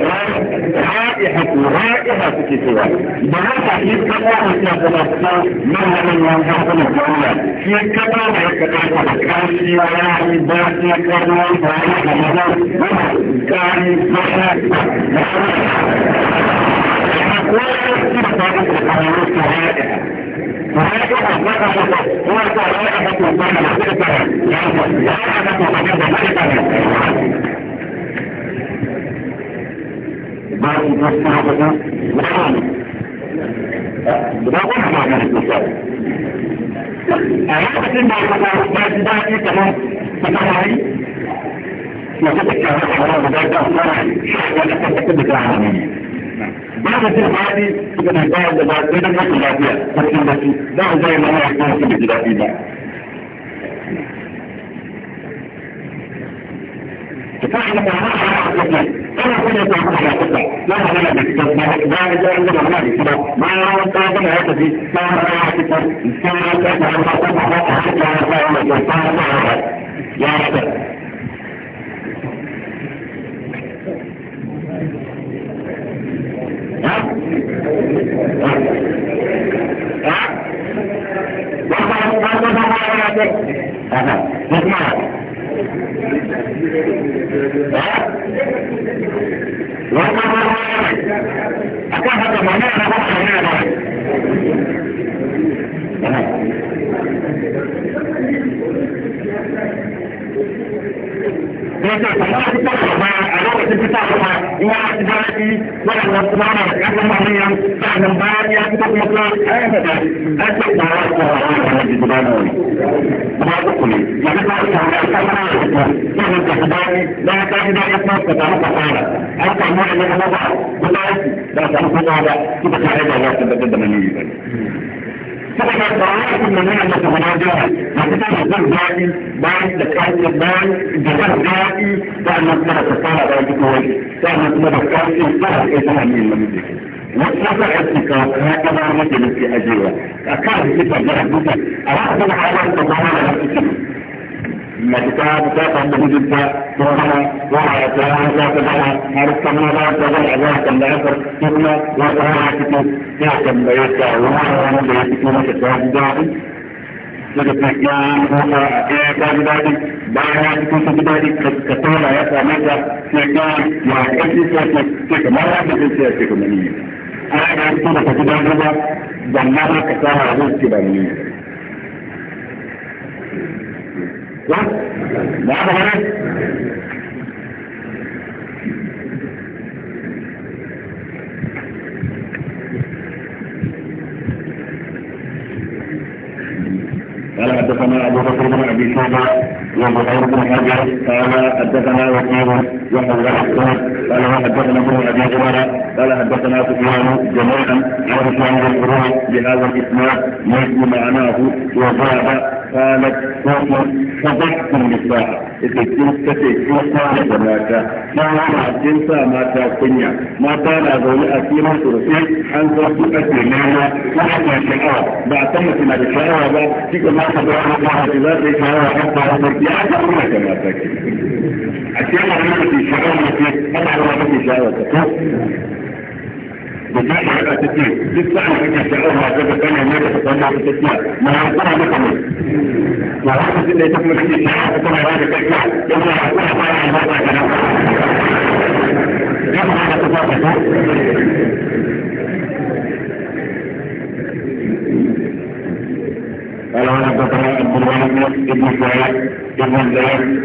رائحة رائحة في سوى بهذا في كتاب مستقبلنا مرة من منظر مستقبلنا في كتاب يتكلم كاسي ورائي باسي كرنا فرائي رمضان كان مشاك وهذا الرقم هو الرقم الذي يتم بعض ما عبدا محرم بدأوا مع بدأت أصلاً شيء على حقنا انا كنت اعمل على حقنا ما حنا بكتب ما ما إذا عندنا ما akan haka mana na haka ne ba Thank you. da yake kamar a cikin kuma a lokacin fita kuma in ya ci daɗi waɗannan kuma na da ƙasar mamaya sannan bayan ya fita kuma kuma a yanka da ake tsawa da wani da guda da wani kuma ta kule ya ga tsari kamar a kan mana da kuma sannan ta daɗi da ya tafi daɗi kuma ta samu kasara an samu wani abubuwa guda uku da samu kuma ba suka tare da wasu da da maniyi ba ne. saboda tsarin da nuna da guda daya da kuma da zan daɗi bayan da ƙarfi bayan da zan daɗi da na kuma da kasara da duk wani da na kuma da ƙarfi da ƙarfi da hannun wani da ke wasu na kan aiki ka ya kamar mace da ke ajewa a kan rikitar da rahoton a wasu na halar da kuma da rahoton الكتاب تاخذ بجدة وهنا وعلى كلام ذات الهوى عرفت من ذات الهوى ذات العصر ثم وطاعتك تحكم بيتك وما هو بيتك وكتاب ذاتك لكتاب كتاب ذاتك بعد كتاب ذاتك كتاب يسعى مدى كتاب وكتاب ذاتك كتاب ما يعمل ذاتك مني أنا أعرف كتاب ذاتك جمعنا كتاب ذاتك مني صح؟ معانا معانا قال حدثنا ابو بكر بن ابي شعبه وزهير بن حجر قال حدثنا وكيل وحول بن قال وحدثنا ابن ابي جماله قال حدثنا سفيان جميعا عن سفيان بن بهذا الاسناد مثل معناه وزاد قالت سفيان فضحت النساء إذا كنت تتكون صالة ماتا صالة جنسة ماتا كنيا ماتا لأذول أكيما سرسي عن صوتي أكيما وحتى شعار بعتمة ما لشعار بعد فيك ما تبعنا الله جزاك شعار حتى أمرك يا عجب أمرك ماتا كنيا أكيما أمرك شعار ماتا أمرك شعار ماتا بتاعي حاجة تتنين دي الساعة حاجة تقوها كده تانية ما تتطلع بتتنين ما هنقرها مثلا ما هنقرها اللي تكمل في الساعة تكمل هذا تتنين يبقى هنقرها طالع المرة كلام يبقى هذا تفاقه قال وانا حدثنا عبد الوالد بن شعيب بن زياد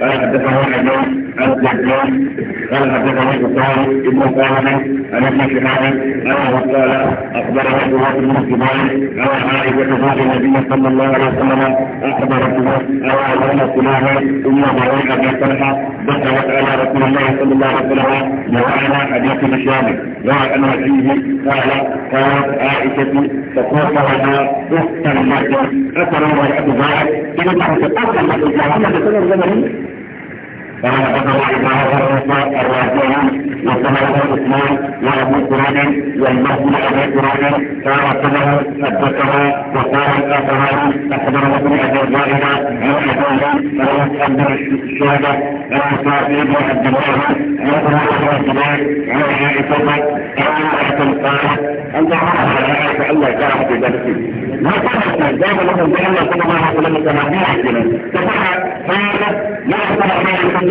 قال حدثنا عن الزكام قال حدثنا بصار ابن قال عن ابن شهاب انه قال اخبره سواد بن سبان قال عائشه زوج النبي صلى الله عليه وسلم اخبرته او اعلن سلاها ثم بويع ابي طلحه دخلت على رسول الله صلى الله عليه وسلم وعلى حديث مشابه روى انه فيه قال قالت عائشه تقول لها اخت المرء اثر المرء ذلك كما تحت اثر المرء قال حدثنا إبراهيم بن إسحاق الرازي وسمع بن عثمان وأبو كراد والمهدي أبو كراد قال حدثه حدثه وقال الآخران أخبر ابن أبي الزائدة عن أبيه قال أبو الشهدة عن صافي بن عبد الله عن أبو الزبير عن عائشة قال أحسن قالت أنت عارف يا عائشة الله يجعلك في بلدك ما كانت دائما لهم بأن صلى الله عليه وسلم فقال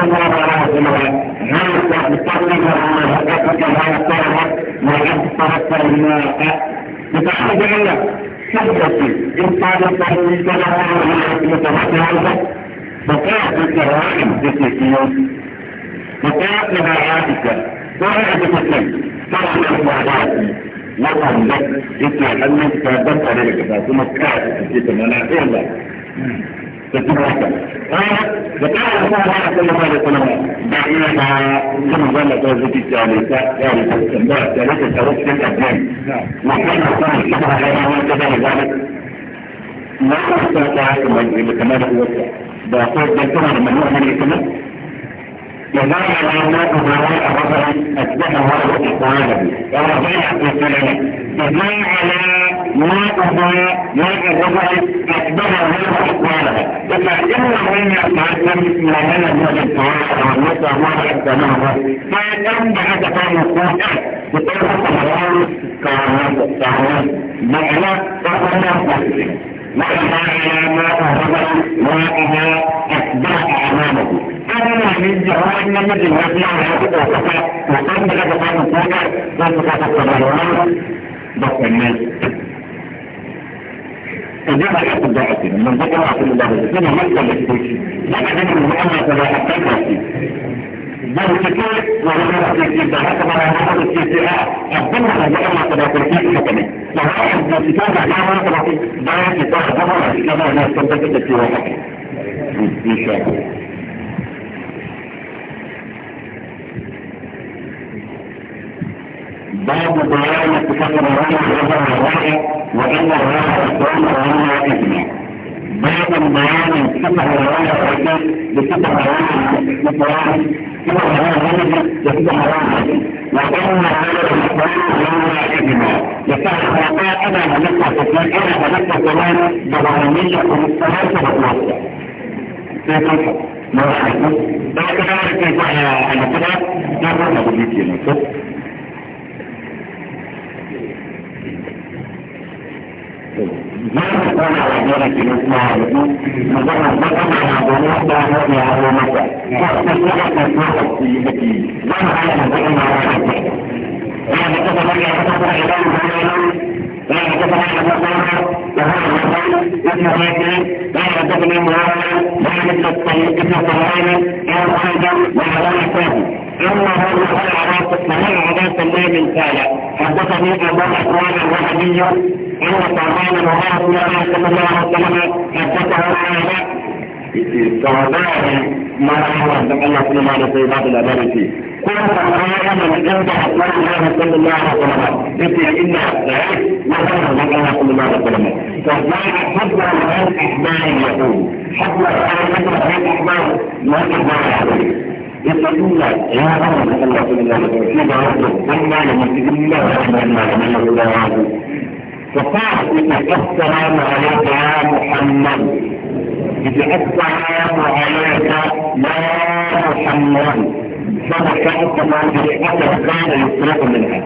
الله ورحمه ما يستقبل على حقك على الطاعة ما يستحق الماء بتعالى جعلنا حدثي إن كان الطريق لها متوقع بقاء الكرائم بالتسليم بقاء نبعاتك طاعة بالتسليم طاعة نبعاتك وطن لك إنت أنك تبقى عليك فاتمك كاتب في تمنى إلا تتبعك قالت وكان الله صلى الله عليه وسلم بعيدا كما قال توزيك الثالثة ثالثة الثالثة ثالثة ثالثة الأبنان وكان الله صلى الله عليه وسلم ذلك ما أستطاع لكمال الوسع بأقول ذكرنا من يؤمن الكمال يدعي العلماء وراء الرجل أتبعه وراء إخوانه ورجع في سلمه يدعي على ما قضى ما قضى أكبر الله أقواله فإن من يتعلم ما لم يجد صلاة والنسى ما أكبر نهضه فإن بعد قام الصلاة بطريقة الله كعوات كعوات معنى فهو مسلم وإذا على ما أهضه وإذا أكبر أعمامه أنا من جهات من مدينة وقفت وقفت لك فقط وقفت وقفت الصلاة بس الناس فجاء حق الدعوة من ذكر رسول الله هنا مكتب السيف لكن المؤمن فلا حتى السيف بل كتير وغير السيف ده حتى ما هو السيف ده أبدا من ذكر ما تبقى السيف حكمي لو أحد من السيف ده لا ما تبقى ده كتاب ده ما كتاب الناس تبقى السيف حكمي إن شاء الله باب بيان اتفاق الرأي وغير الرائع وإن الرأي الدولة وهي إذن باب بيان اتفاق الرأي الرأي باتفاق الرأي الإسلام كما هو غير يتفاق الرأي وإن غير الرأي وهي إذن يتفاق الرأي أنا هلقى فتنان أنا هلقى كمان دوامية ومستهلكة وتوسع في قصة مرحبا ده كده انا كده انا كده ده كده ما تكون على ذلك الإسماء مجرد بطن على ظروف دعوة معلومة وتسلحة تسلحة سيدتي لم على بطن على ذلك يعني كتب لي كتب إعلان هؤلاء لا يحدثنا عن مصنع وهو الرسول ابن هاشم لا يحدثني مرانا لا مثل الطريق ابن سلمان او ايضا وعلى اخوه اما هو الرسول على صحيح عباد الله من قال حدثني ابو اكوان الوهمي أن صعبان ورسول الله صلى الله عليه وسلم حدثه هذا صعبان ما أحوال دم الله صلى الله عليه وسلم بعض الأبار فيه كل صعبان من عند أطلال الله صلى الله عليه وسلم يقول إن أطلال وصلى الله صلى الله عليه وسلم صعبان حضر الآن أحبان يقول حضر الآن أحبان ما أحبان يقول يقولون يا رب الله صلى الله عليه وسلم في بعضهم ثم لما الله الرحمن الرحيم فقعت السلام عليك يا محمد السلام عليك يا محمد فبكأت ما أثر كان يسرق منها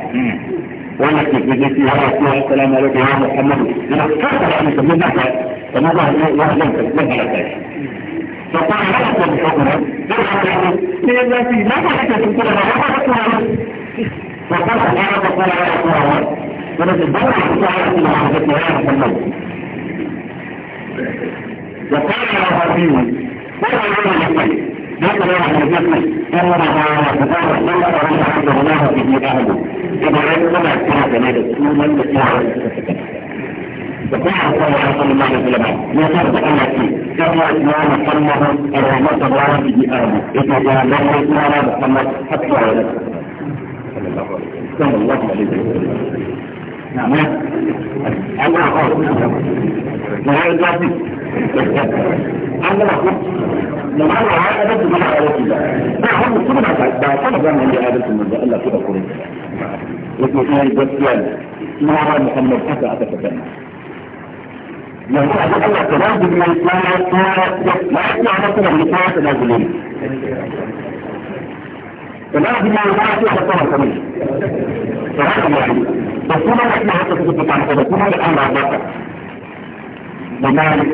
وانا في بيتي يا رسول الله السلام عليك يا محمد انا افتكر ان كمين لك فما ظهر واحد من كمين على فقال لك بحكمه لما في ما تحدث فقال يا رسول الله ولكن الدولة اختارت من عهدتها هذا الموت وقال الرهابيون ولا يوم يقل لكن الله يقل أن الله تبارك الله ورد عبد الله في دينه كما يقول الكافر من السنة وقال صلى الله عليه وسلم ما فرد على شيء كما اسلام سمه الرحمة الله في دينه إذا جاء له اسلام محمد حتى ولد صلى الله عليه وسلم نعم أنا أقول ما هي الجاسي أنا أقول لما أنا هذا بدي ما أقول لا أنا هم كل ما بعثنا زمان اللي قابلت من ده إلا كده كله اسمه إيه بس يعني ما هو محمد حتى أتكلم لو أنا الله تنازل من الإسلام لا يسمع نفسنا من الإسلام تنازلين الأخذ ما يبقى فيه خطرة كمان صراحة يعني بس هما احنا حتى تجد عن كده كل هذا الأمر عبارة بمالك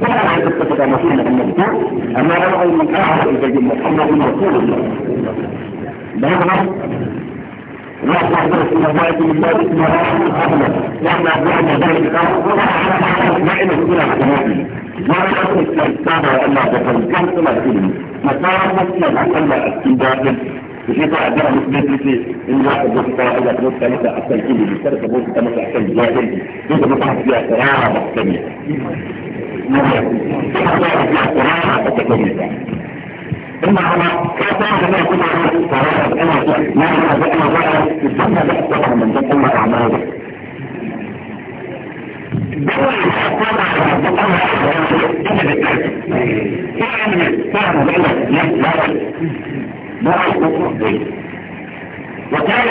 كل هذا عايز تتفق على مسؤولنا بالمنطور أما رأي من أعرف إذا جد محمد بن رسول الله ده هو الله يحضر في مبارك من ذلك ما رأى من أحمد وأحنا أبوعنا ذلك وأحنا أحنا أحنا أحنا أحنا أحنا ما تكون تنسانا وأنا بفرجان كما تكون مسارة مسلم عن الله استنباطا وشيء أداء مثبت في إن واحد بوش ترى إلا بوش تمسى أحسن كله بيشترك بوش تمسى أحسن جاهل بوش مطعم فيها سرارة مستمية مطعم فيها سرارة مستمية إما على كذا هذا كله سرارة أنا ما أنا أنا أنا أنا أنا أنا أنا أنا أنا وكان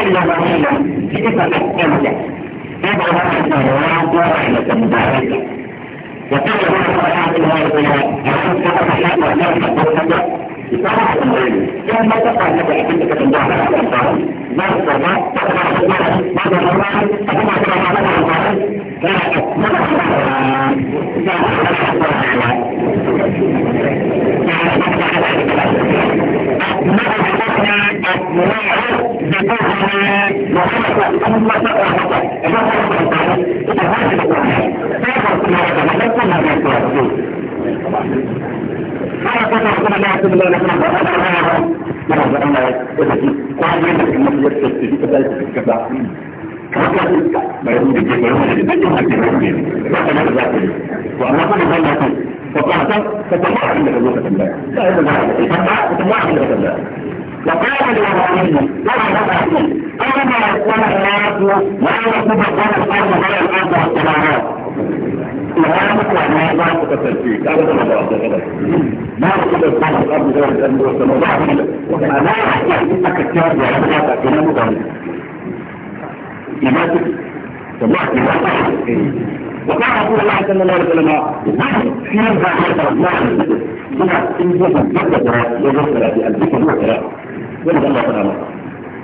اليابانية كيف تتكلم يدعو لها الثروات ورحلة مباركة وكان هناك حياة الهارفية وكان هناك حياة الهارفية كان ما تقع لك عندك تنبع على الأنصار ما تقع تقع على الأنصار ما تقع على الأنصار تقع على الأنصار لا ما تقع Thank you. حركة أحسن ما وقال للرسول ولا تبعثوا أما يكون الناس لا يصدقون الأرض ولا الأرض والسماوات إمامك وأنا لا تتسلسل أبدا ما بعد ما يصدق الأرض الأرض والسماوات أنا أحسن أنك تشاهد ولا تتسلسل نباتك أحد وقال رسول الله صلى الله عليه وسلم نحن في هذا حتى الله بنا انزلنا مكتبا وغفر في البيت المكتبا ونزل الله تعالى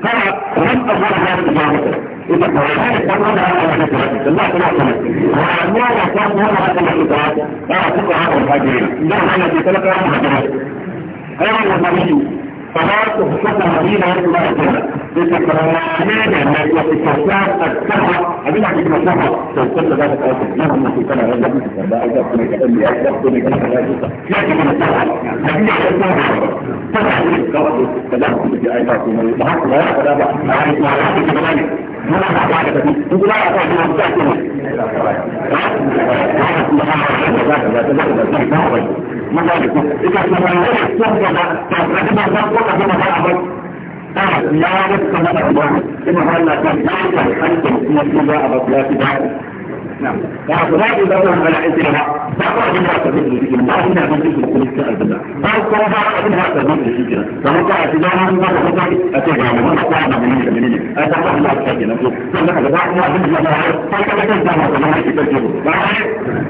قال رب الله هذا الجامعة إذا كان هذا الأمر على الأمر الله تعالى وأنواع كان هذا الأمر قال فقه هذا الفاجرين لا أنا في سلطة هذا الأمر أيضا المريض فبعض الصفحة مدينة يقول لها كده لكن فلما أنا في الصفحة أكثرها أبين عن المصحة فالصفحة ده بتأثر لها من في سنة غير لكن في الصفحة إذا كنت تقول لي أكثر كنت كنت لا يوسف لكن المصحة مدينة يقول طبعا الكواب والسلام كل في آيات ومريضها لا فلا بقى عارف مع العالم كذلك ما لا بعد كده انت لا تعرف ما بتعمل لا لا لا لا لا لا لا لا لا لا لا مداركه إذا تبرعت تبرع تبرع تبرع تبرع لا يبقى من الله إنه هلا كان لا يحكم من الله أبو لا تبرع نعم وأخذ دورهم على إنسانها فأخذ منها تبدل الفكرة ما منها من تجد كل السائل بالله فأخذ منها تبدل الفكرة فمن قال أتجاهها من قبل خطأ أتجاهها من قبل من من من أتجاهها من قبل خطأ أتجاهها من قبل خطأ أتجاهها من قبل خطأ أتجاهها من قبل خطأ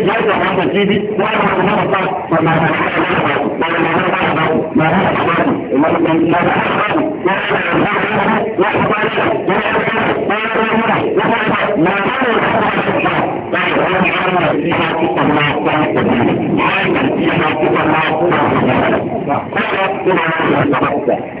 جايزة عند سيدي وانا ما بطلع وما ما ما ما ما ما ما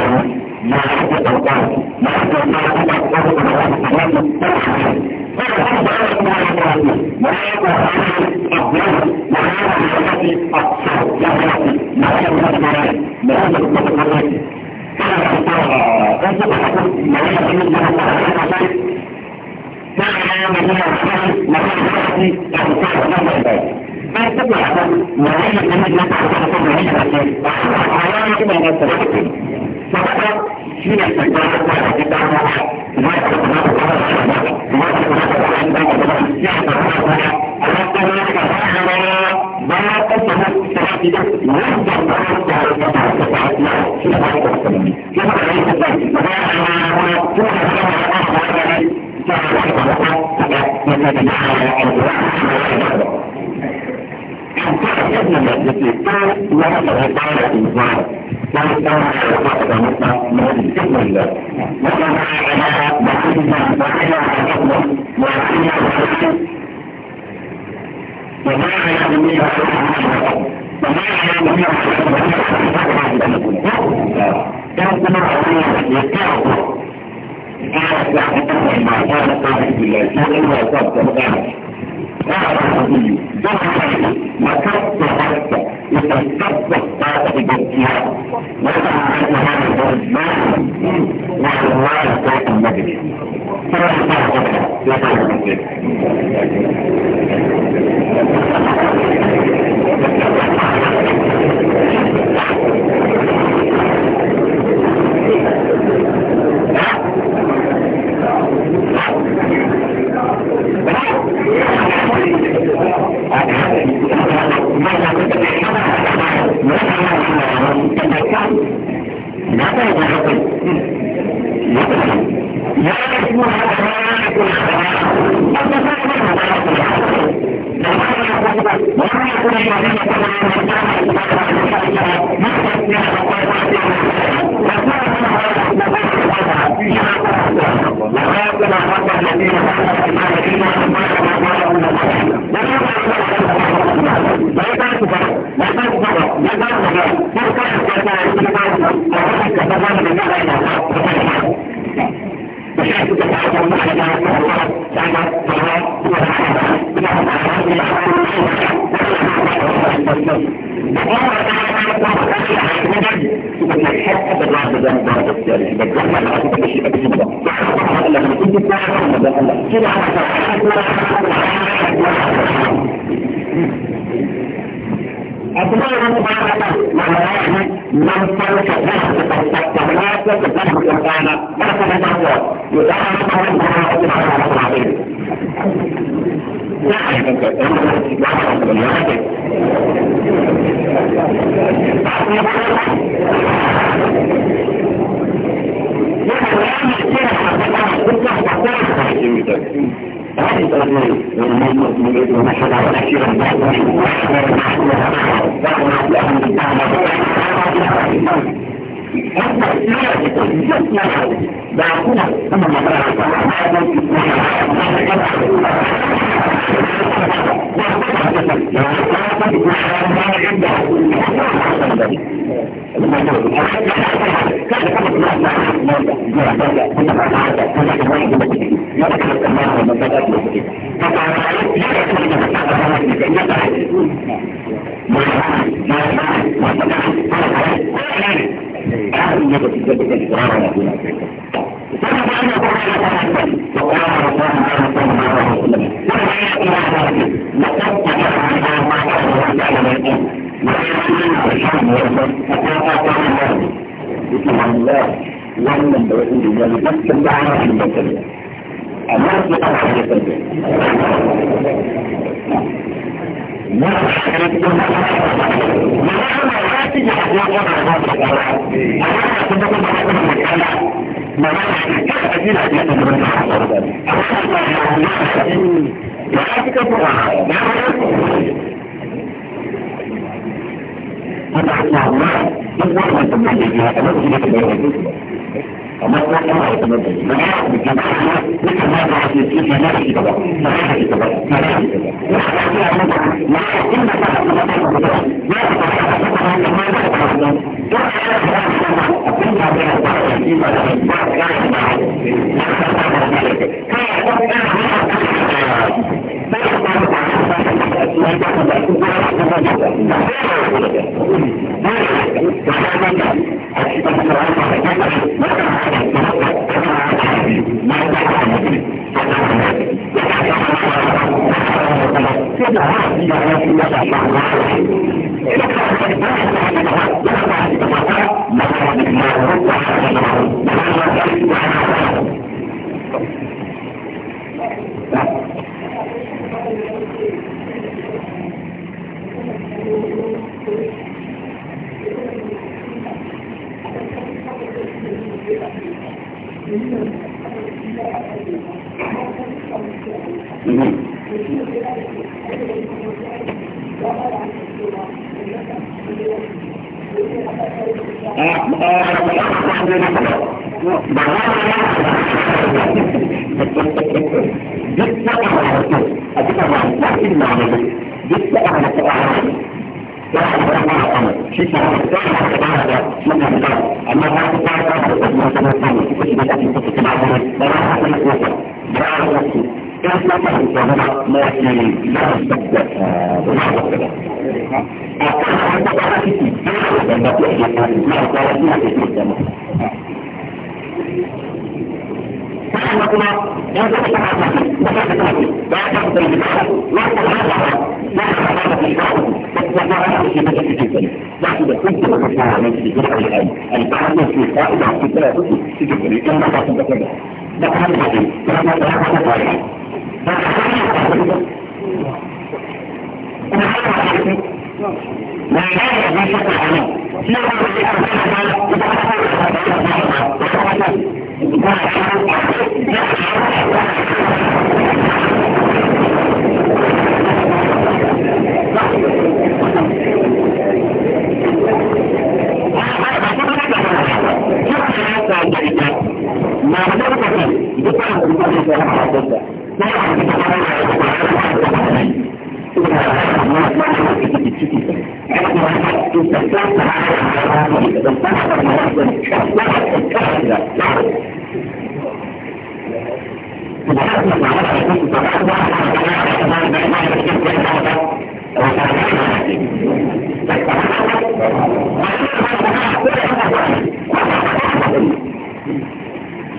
مرات Thank you. ならないとか、ならないとか、ならとか。ما بدك تقول بتعرف بتعرف انا حاططها تعرف بتعرف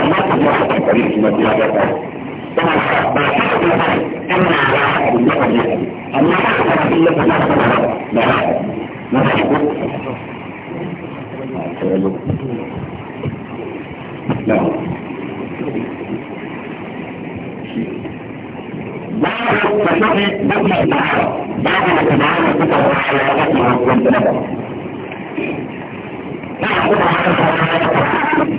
ما الله أما بعد التشفي بدأ النهار بعد ما تبعنا كتب على أسمها على أسمها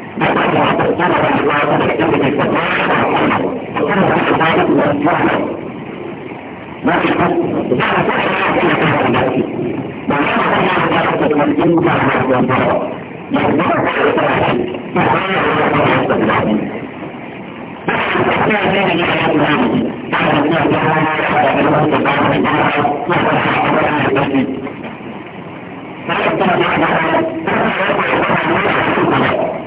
ما في حد إذا صح هذا كان الناس ما هذا هذا كان من إنك هذا المرض يحضر على الرحم فهذا هو الرحم الرحم Thank you.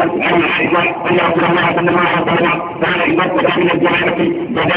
عن عائشة أن رسول الله صلى الله الله وسلم كان ان استكمل الجهالة بدأ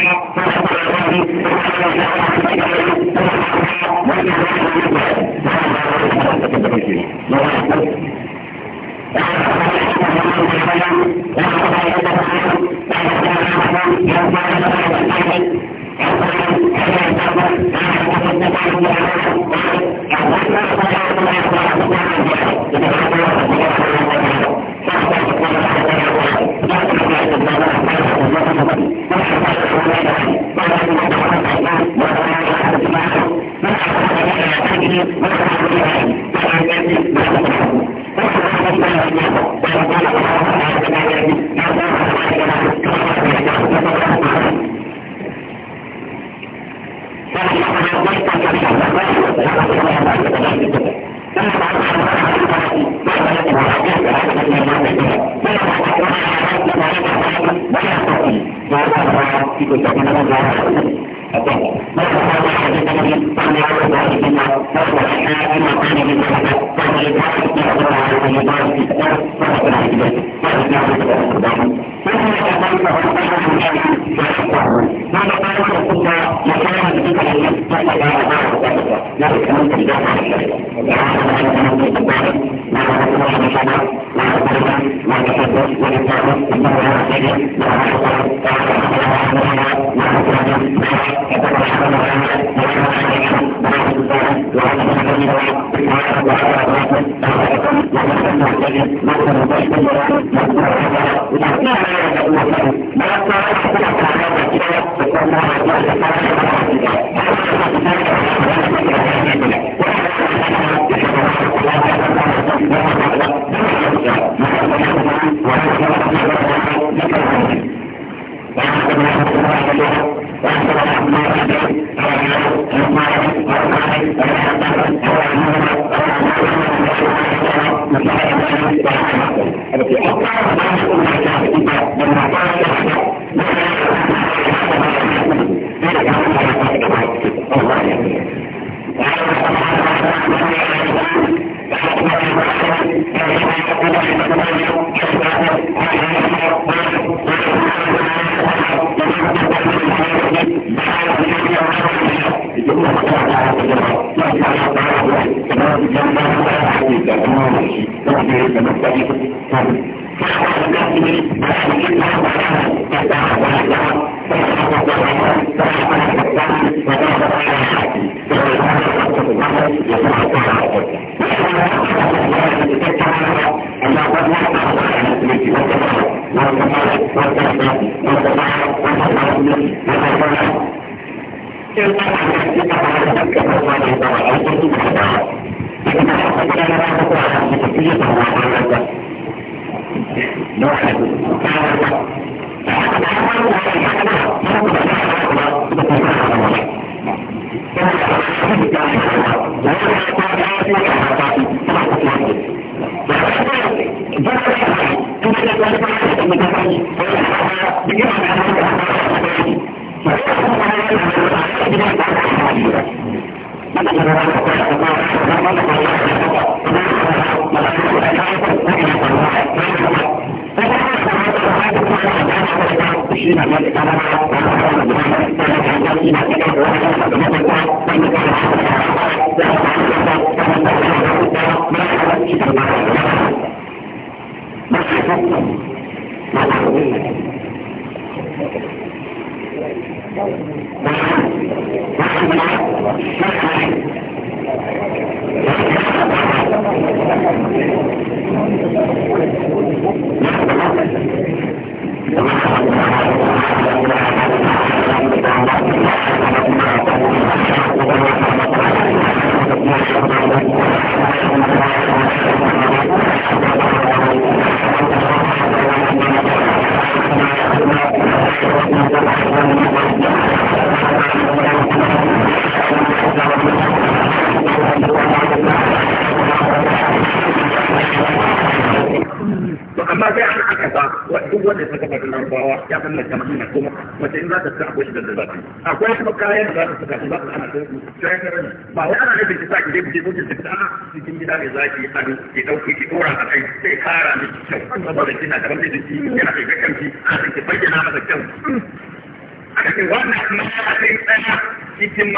akwai kuma kayan da za su suka ba ana ba ana dai da a cikin gida mai a duk dauke ki dora a kai sai kara kyau saboda kina da yana a cikin bayyana masa kyau wannan a kai tsaya cikin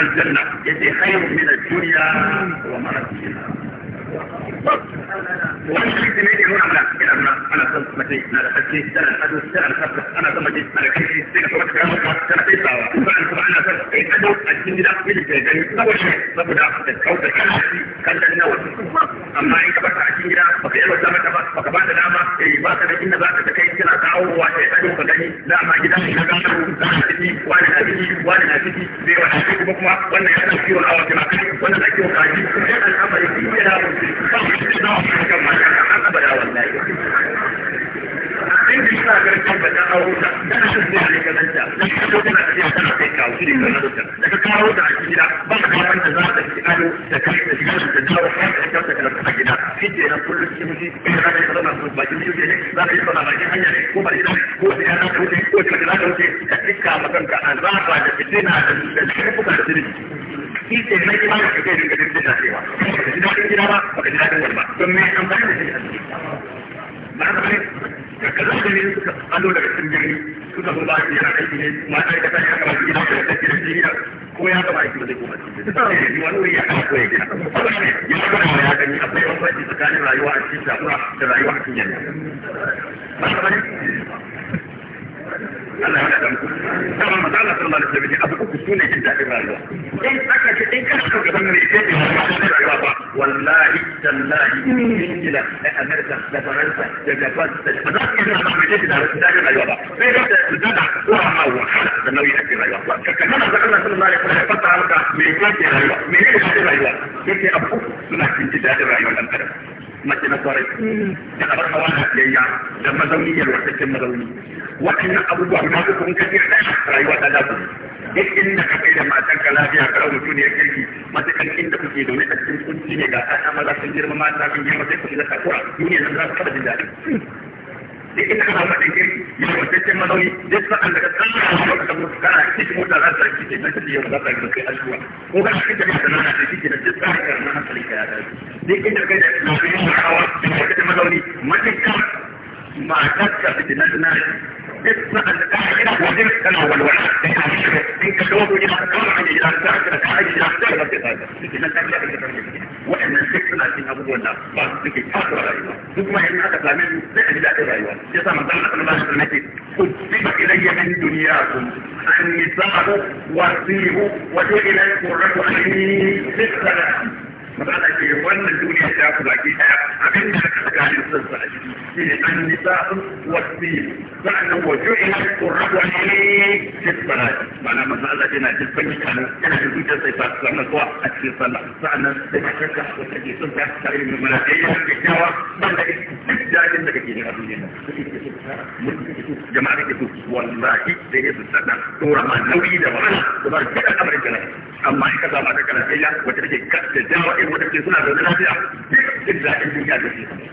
aljanna yace khairu min dunya wa wani shi ne ke nuna mana ina nuna ana son mace na da kace tana da ado tana da kafa ana son mace na da kace sai ka so ka ta na sai sawa sannan kuma ana son kai a cikin gida ko da kai gani saboda saboda da kauda kan shi kan da nawa amma in ka bata a cikin gida baka yi wata mata ba baka ba ta dama eh ba ka da inda za ka kai kina kawowa sai ado ka gani za ma gidan ka ga za ciki wani na ciki wani na ciki wani ciki kuma kuma wannan ya awa kina wannan na kiwon kaji ya da mutum kan magana an abada wallahi abin da shi garkar da ka kawo ta dan shi ne ne ka danta da shi ko kana da shi kana kai kawo shi ne ka danta da ka kawo ta a gida ba ka kawo ta za ta ki ado da kai da shiga da dawo ka ka ta kana ta gida shi ke nan kullum shi mushi in ka da kana da bakin shi ne za ka yi sana bakin hanya ne ko ba ina ko da yana ko da ko da kana da ka ka maganka an za ka da fitina da da shi ka da shi shi ke mai ba da kake da kake da cewa ka ji dadin gida ba Kuma ji dadin wani ba don me an bayar da shi ba ka bane ka kaza Kuma ne suka allo daga cikin gari suka zo ba shi yana aiki ne ma ta ka ya kama gida da kake da shi gida ko ya kama aiki da kuma shi wani wuri ya kama ko ya gida saboda ne ya kama ya gani akwai wani tsakanin rayuwa a cikin shakura da rayuwa a cikin gari ba ka bane Allah ya dan ku kuma magana sallallahu alaihi wasallam abu uku sune jin dadin rayuwa in aka ce in kana son ka san me yake da rayuwa ba wallahi tallahi in kila ai America da Faransa da Japan da ba za ka san me yake da rayuwa ba sai da da ko amma wa da nauyi da rayuwa ka kana da Allah sallallahu alaihi wasallam fata maka me yake da rayuwa me yake da rayuwa yake abu suna jin dadin rayuwa dan adam mace na kwarai mm. da abar hawa na biyayya da mazauni yalwataccen mazauni waɗannan abubuwa ma uku in ka je ɗaya rayuwa ta d'a dafu duk inda ka kai da matan ka lafiya kar mutum ne ya kirki matakan inda kuke zaune a cikin kunci ne ga ta maza sun girma mata sun girma sai ku shiga takura duniya nan za su kada jin daɗi da ina da wani kirki ya wataccen mazauni duk sa'an da ka tsalla a wani kasar kana cikin mota za ta rike ke nan cikin yau za kai asuwa ko ka shi da nana da kike da duk tsarin karnar hankali ka ya dace duk inda kai da na fi yin hawa da wataccen kan matarka fitinan nashi duk da ta gina wajen tana walwala ta yi abin da in ka dogo gina ta kama hanyar gina ta gina ta hanyar gina ta gina ta gina fitinan ta gina ta gina waɗannan duk suna cin abubuwan da ba su suke kasuwa rayuwa duk ma yanzu aka same su sai a ji daɗin rayuwa ya sa manzan Allah sallallahu alaihi wasallam yake kutiba ilayya min dunyakum an nisabu wa sihu wa ila qurratu ayni fi salat a ke wannan duniya ta ku baki a abin da aka saka ne sun sa shi ne an nisa'un wasiyyu sa'annan wa ju'ila qurratu alayhi jisbarat ma'ana manzo Allah yana jisban kana yana da zuciyar sai kuwa a cikin sallah sa'annan da kanka ko kake sun ta tare da malakai da kyawa banda dajin da kake a duniya jama'a kake so wallahi da ya su sannan tora ma nauyi da wahala da ba kamar kana amma ka zama da kana sai wata take da jawa muka ce suna da lafiya duk jin daɗin duniya da shi duk jin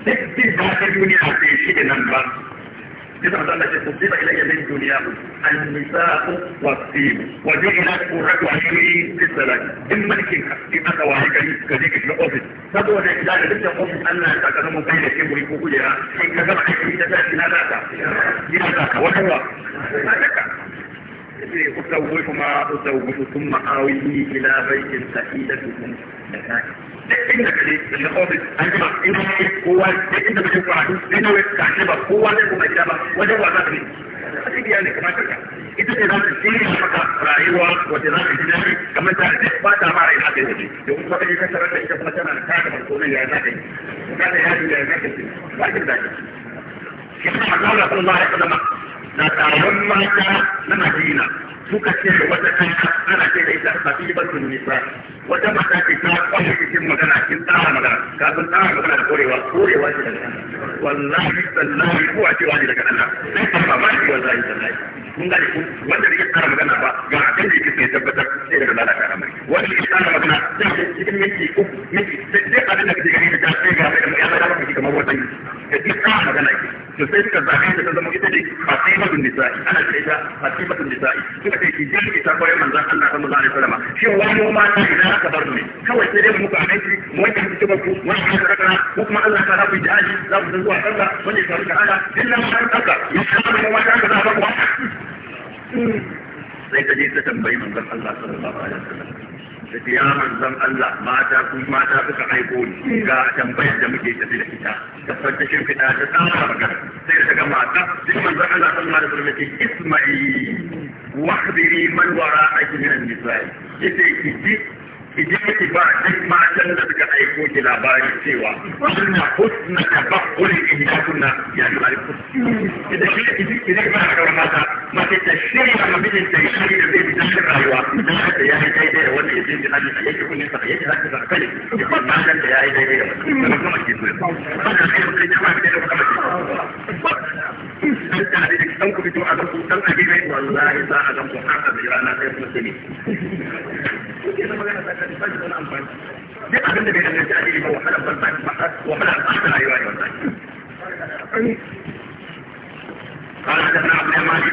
daɗin duniya da shi da nan ba كما قال لك تصيب إلي من دنياهم النساء والطيب وجعلت قرة عيني في الصلاة إما لكن إما كواهيك كذلك في الأوفيس فدوا لك لا لبس الأوفيس أن تكلم كي يتم لكوكو جرا إن كذب حيث تساعد لا ذاك لا ذاك وكذا لا ذاك أزوج ما أزوج ثم آويه إلى بيت سعيدتكم إن كذي إن قصد أنتم إن هو إن بتشوفوا إن هو كاتب هو ده هو كاتب وده هو كاتب أكيد يعني كمان كذا إذا إذا تسير مكة رأيوا وإذا تسير كمان تعرف ما تعرف أي حد يجي يوم ما تيجي كسر تيجي كمان كمان كاتب الكون اللي عندك كاتب هذا اللي عندك ما كذا كذا الله يقدمك لترمك لمدينه suka ce da wata kanka ana ce da ita ba ba su nisa wata mata ce ta cikin magana cikin tsara magana kafin tsara magana da korewa korewa ce daga Allah wallahi sallahi ko a cewa ne daga Allah sai ka ba shi wallahi sallahi kun gane ku wanda ke tsara magana ba ga abin da yake sai tabbatar sai daga lalata a ramai wanda yake tsara magana sai cikin minti uku minti sai abin da kake gani da sai ga mai ya zama miki kamar wata ne da duk tsara magana ke to sai suka ta zama ita ne nisa'i ana ce nisa'i suka ce ma ta aka bar ne kawai sai dai ka aiki mu wanda kike ba ku wani ka ko kuma Allah ta rabu jihadi za ku zuwa Allah wanda ta rika Allah nan an aka ya samu mu wanda aka ba ku sai ta je ta tambayi zan Allah sallallahu alaihi wasallam tafi ya manzan Allah mata kun mata suka aiko ni ga tambayar da muke tafi da ita da fantashin fita ta tsara magana sai ta ga mata duk manzan Allah sallallahu alaihi wasallam ke Isma'il wahdiri man wara ajinan nisa'i kite kiti ki ba duk matan da suka aiko ki labarin cewa suna husna ka ba kuli in ya kunna ya yi bari ki da shi ki ki da ba ga mata mace ta shirya ma bijin ta shi da zai bi cikin rayuwa dan ya yi daidai da wanda ya ji hali da yake kunni sa yake zaka zaka kai ki ba matan da ya yi daidai da wanda kuma ki so ba da kai kai ta ba da kuma ki dan da ki ku fito a ku dan abi ne wallahi za a ga ku haka da rana sai ku sani kenan magana قال النبي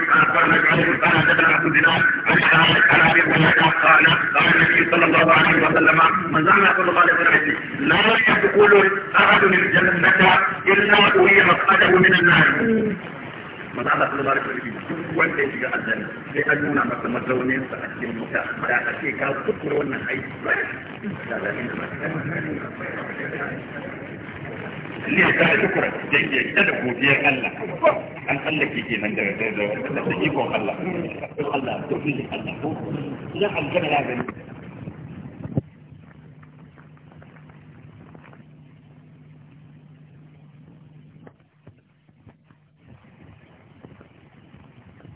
صلى الله عليه وسلم من زعم صلى الله عليه وسلم لا يدخل احد الجنه الا اري مقعده من النار maza Allah sallallahu alaihi wasallam duk wanda ya shiga azali sai an nuna masa mazaunin sa a cikin wuta da a ce ka kuskure wannan aiki da ne ya shukura da ke yadda da godiyar Allah an tsallake ke nan da ikon Allah Allah to Allah ya aljanna ya gani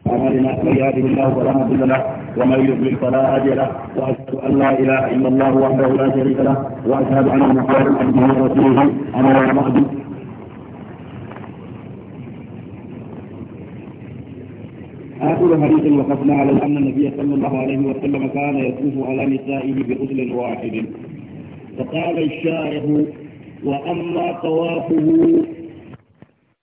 أمرنا من يهده الله فلا مضل له ومن يضلل فلا هادي له وأشهد أن لا إله إلا الله وحده لا شريك له وأشهد أن محمدا عبده ورسوله أما بعد آخر حديث وقفنا على أن النبي صلى الله عليه وسلم كان يطوف على نسائه بغسل واحد فقال الشارح وأما طوافه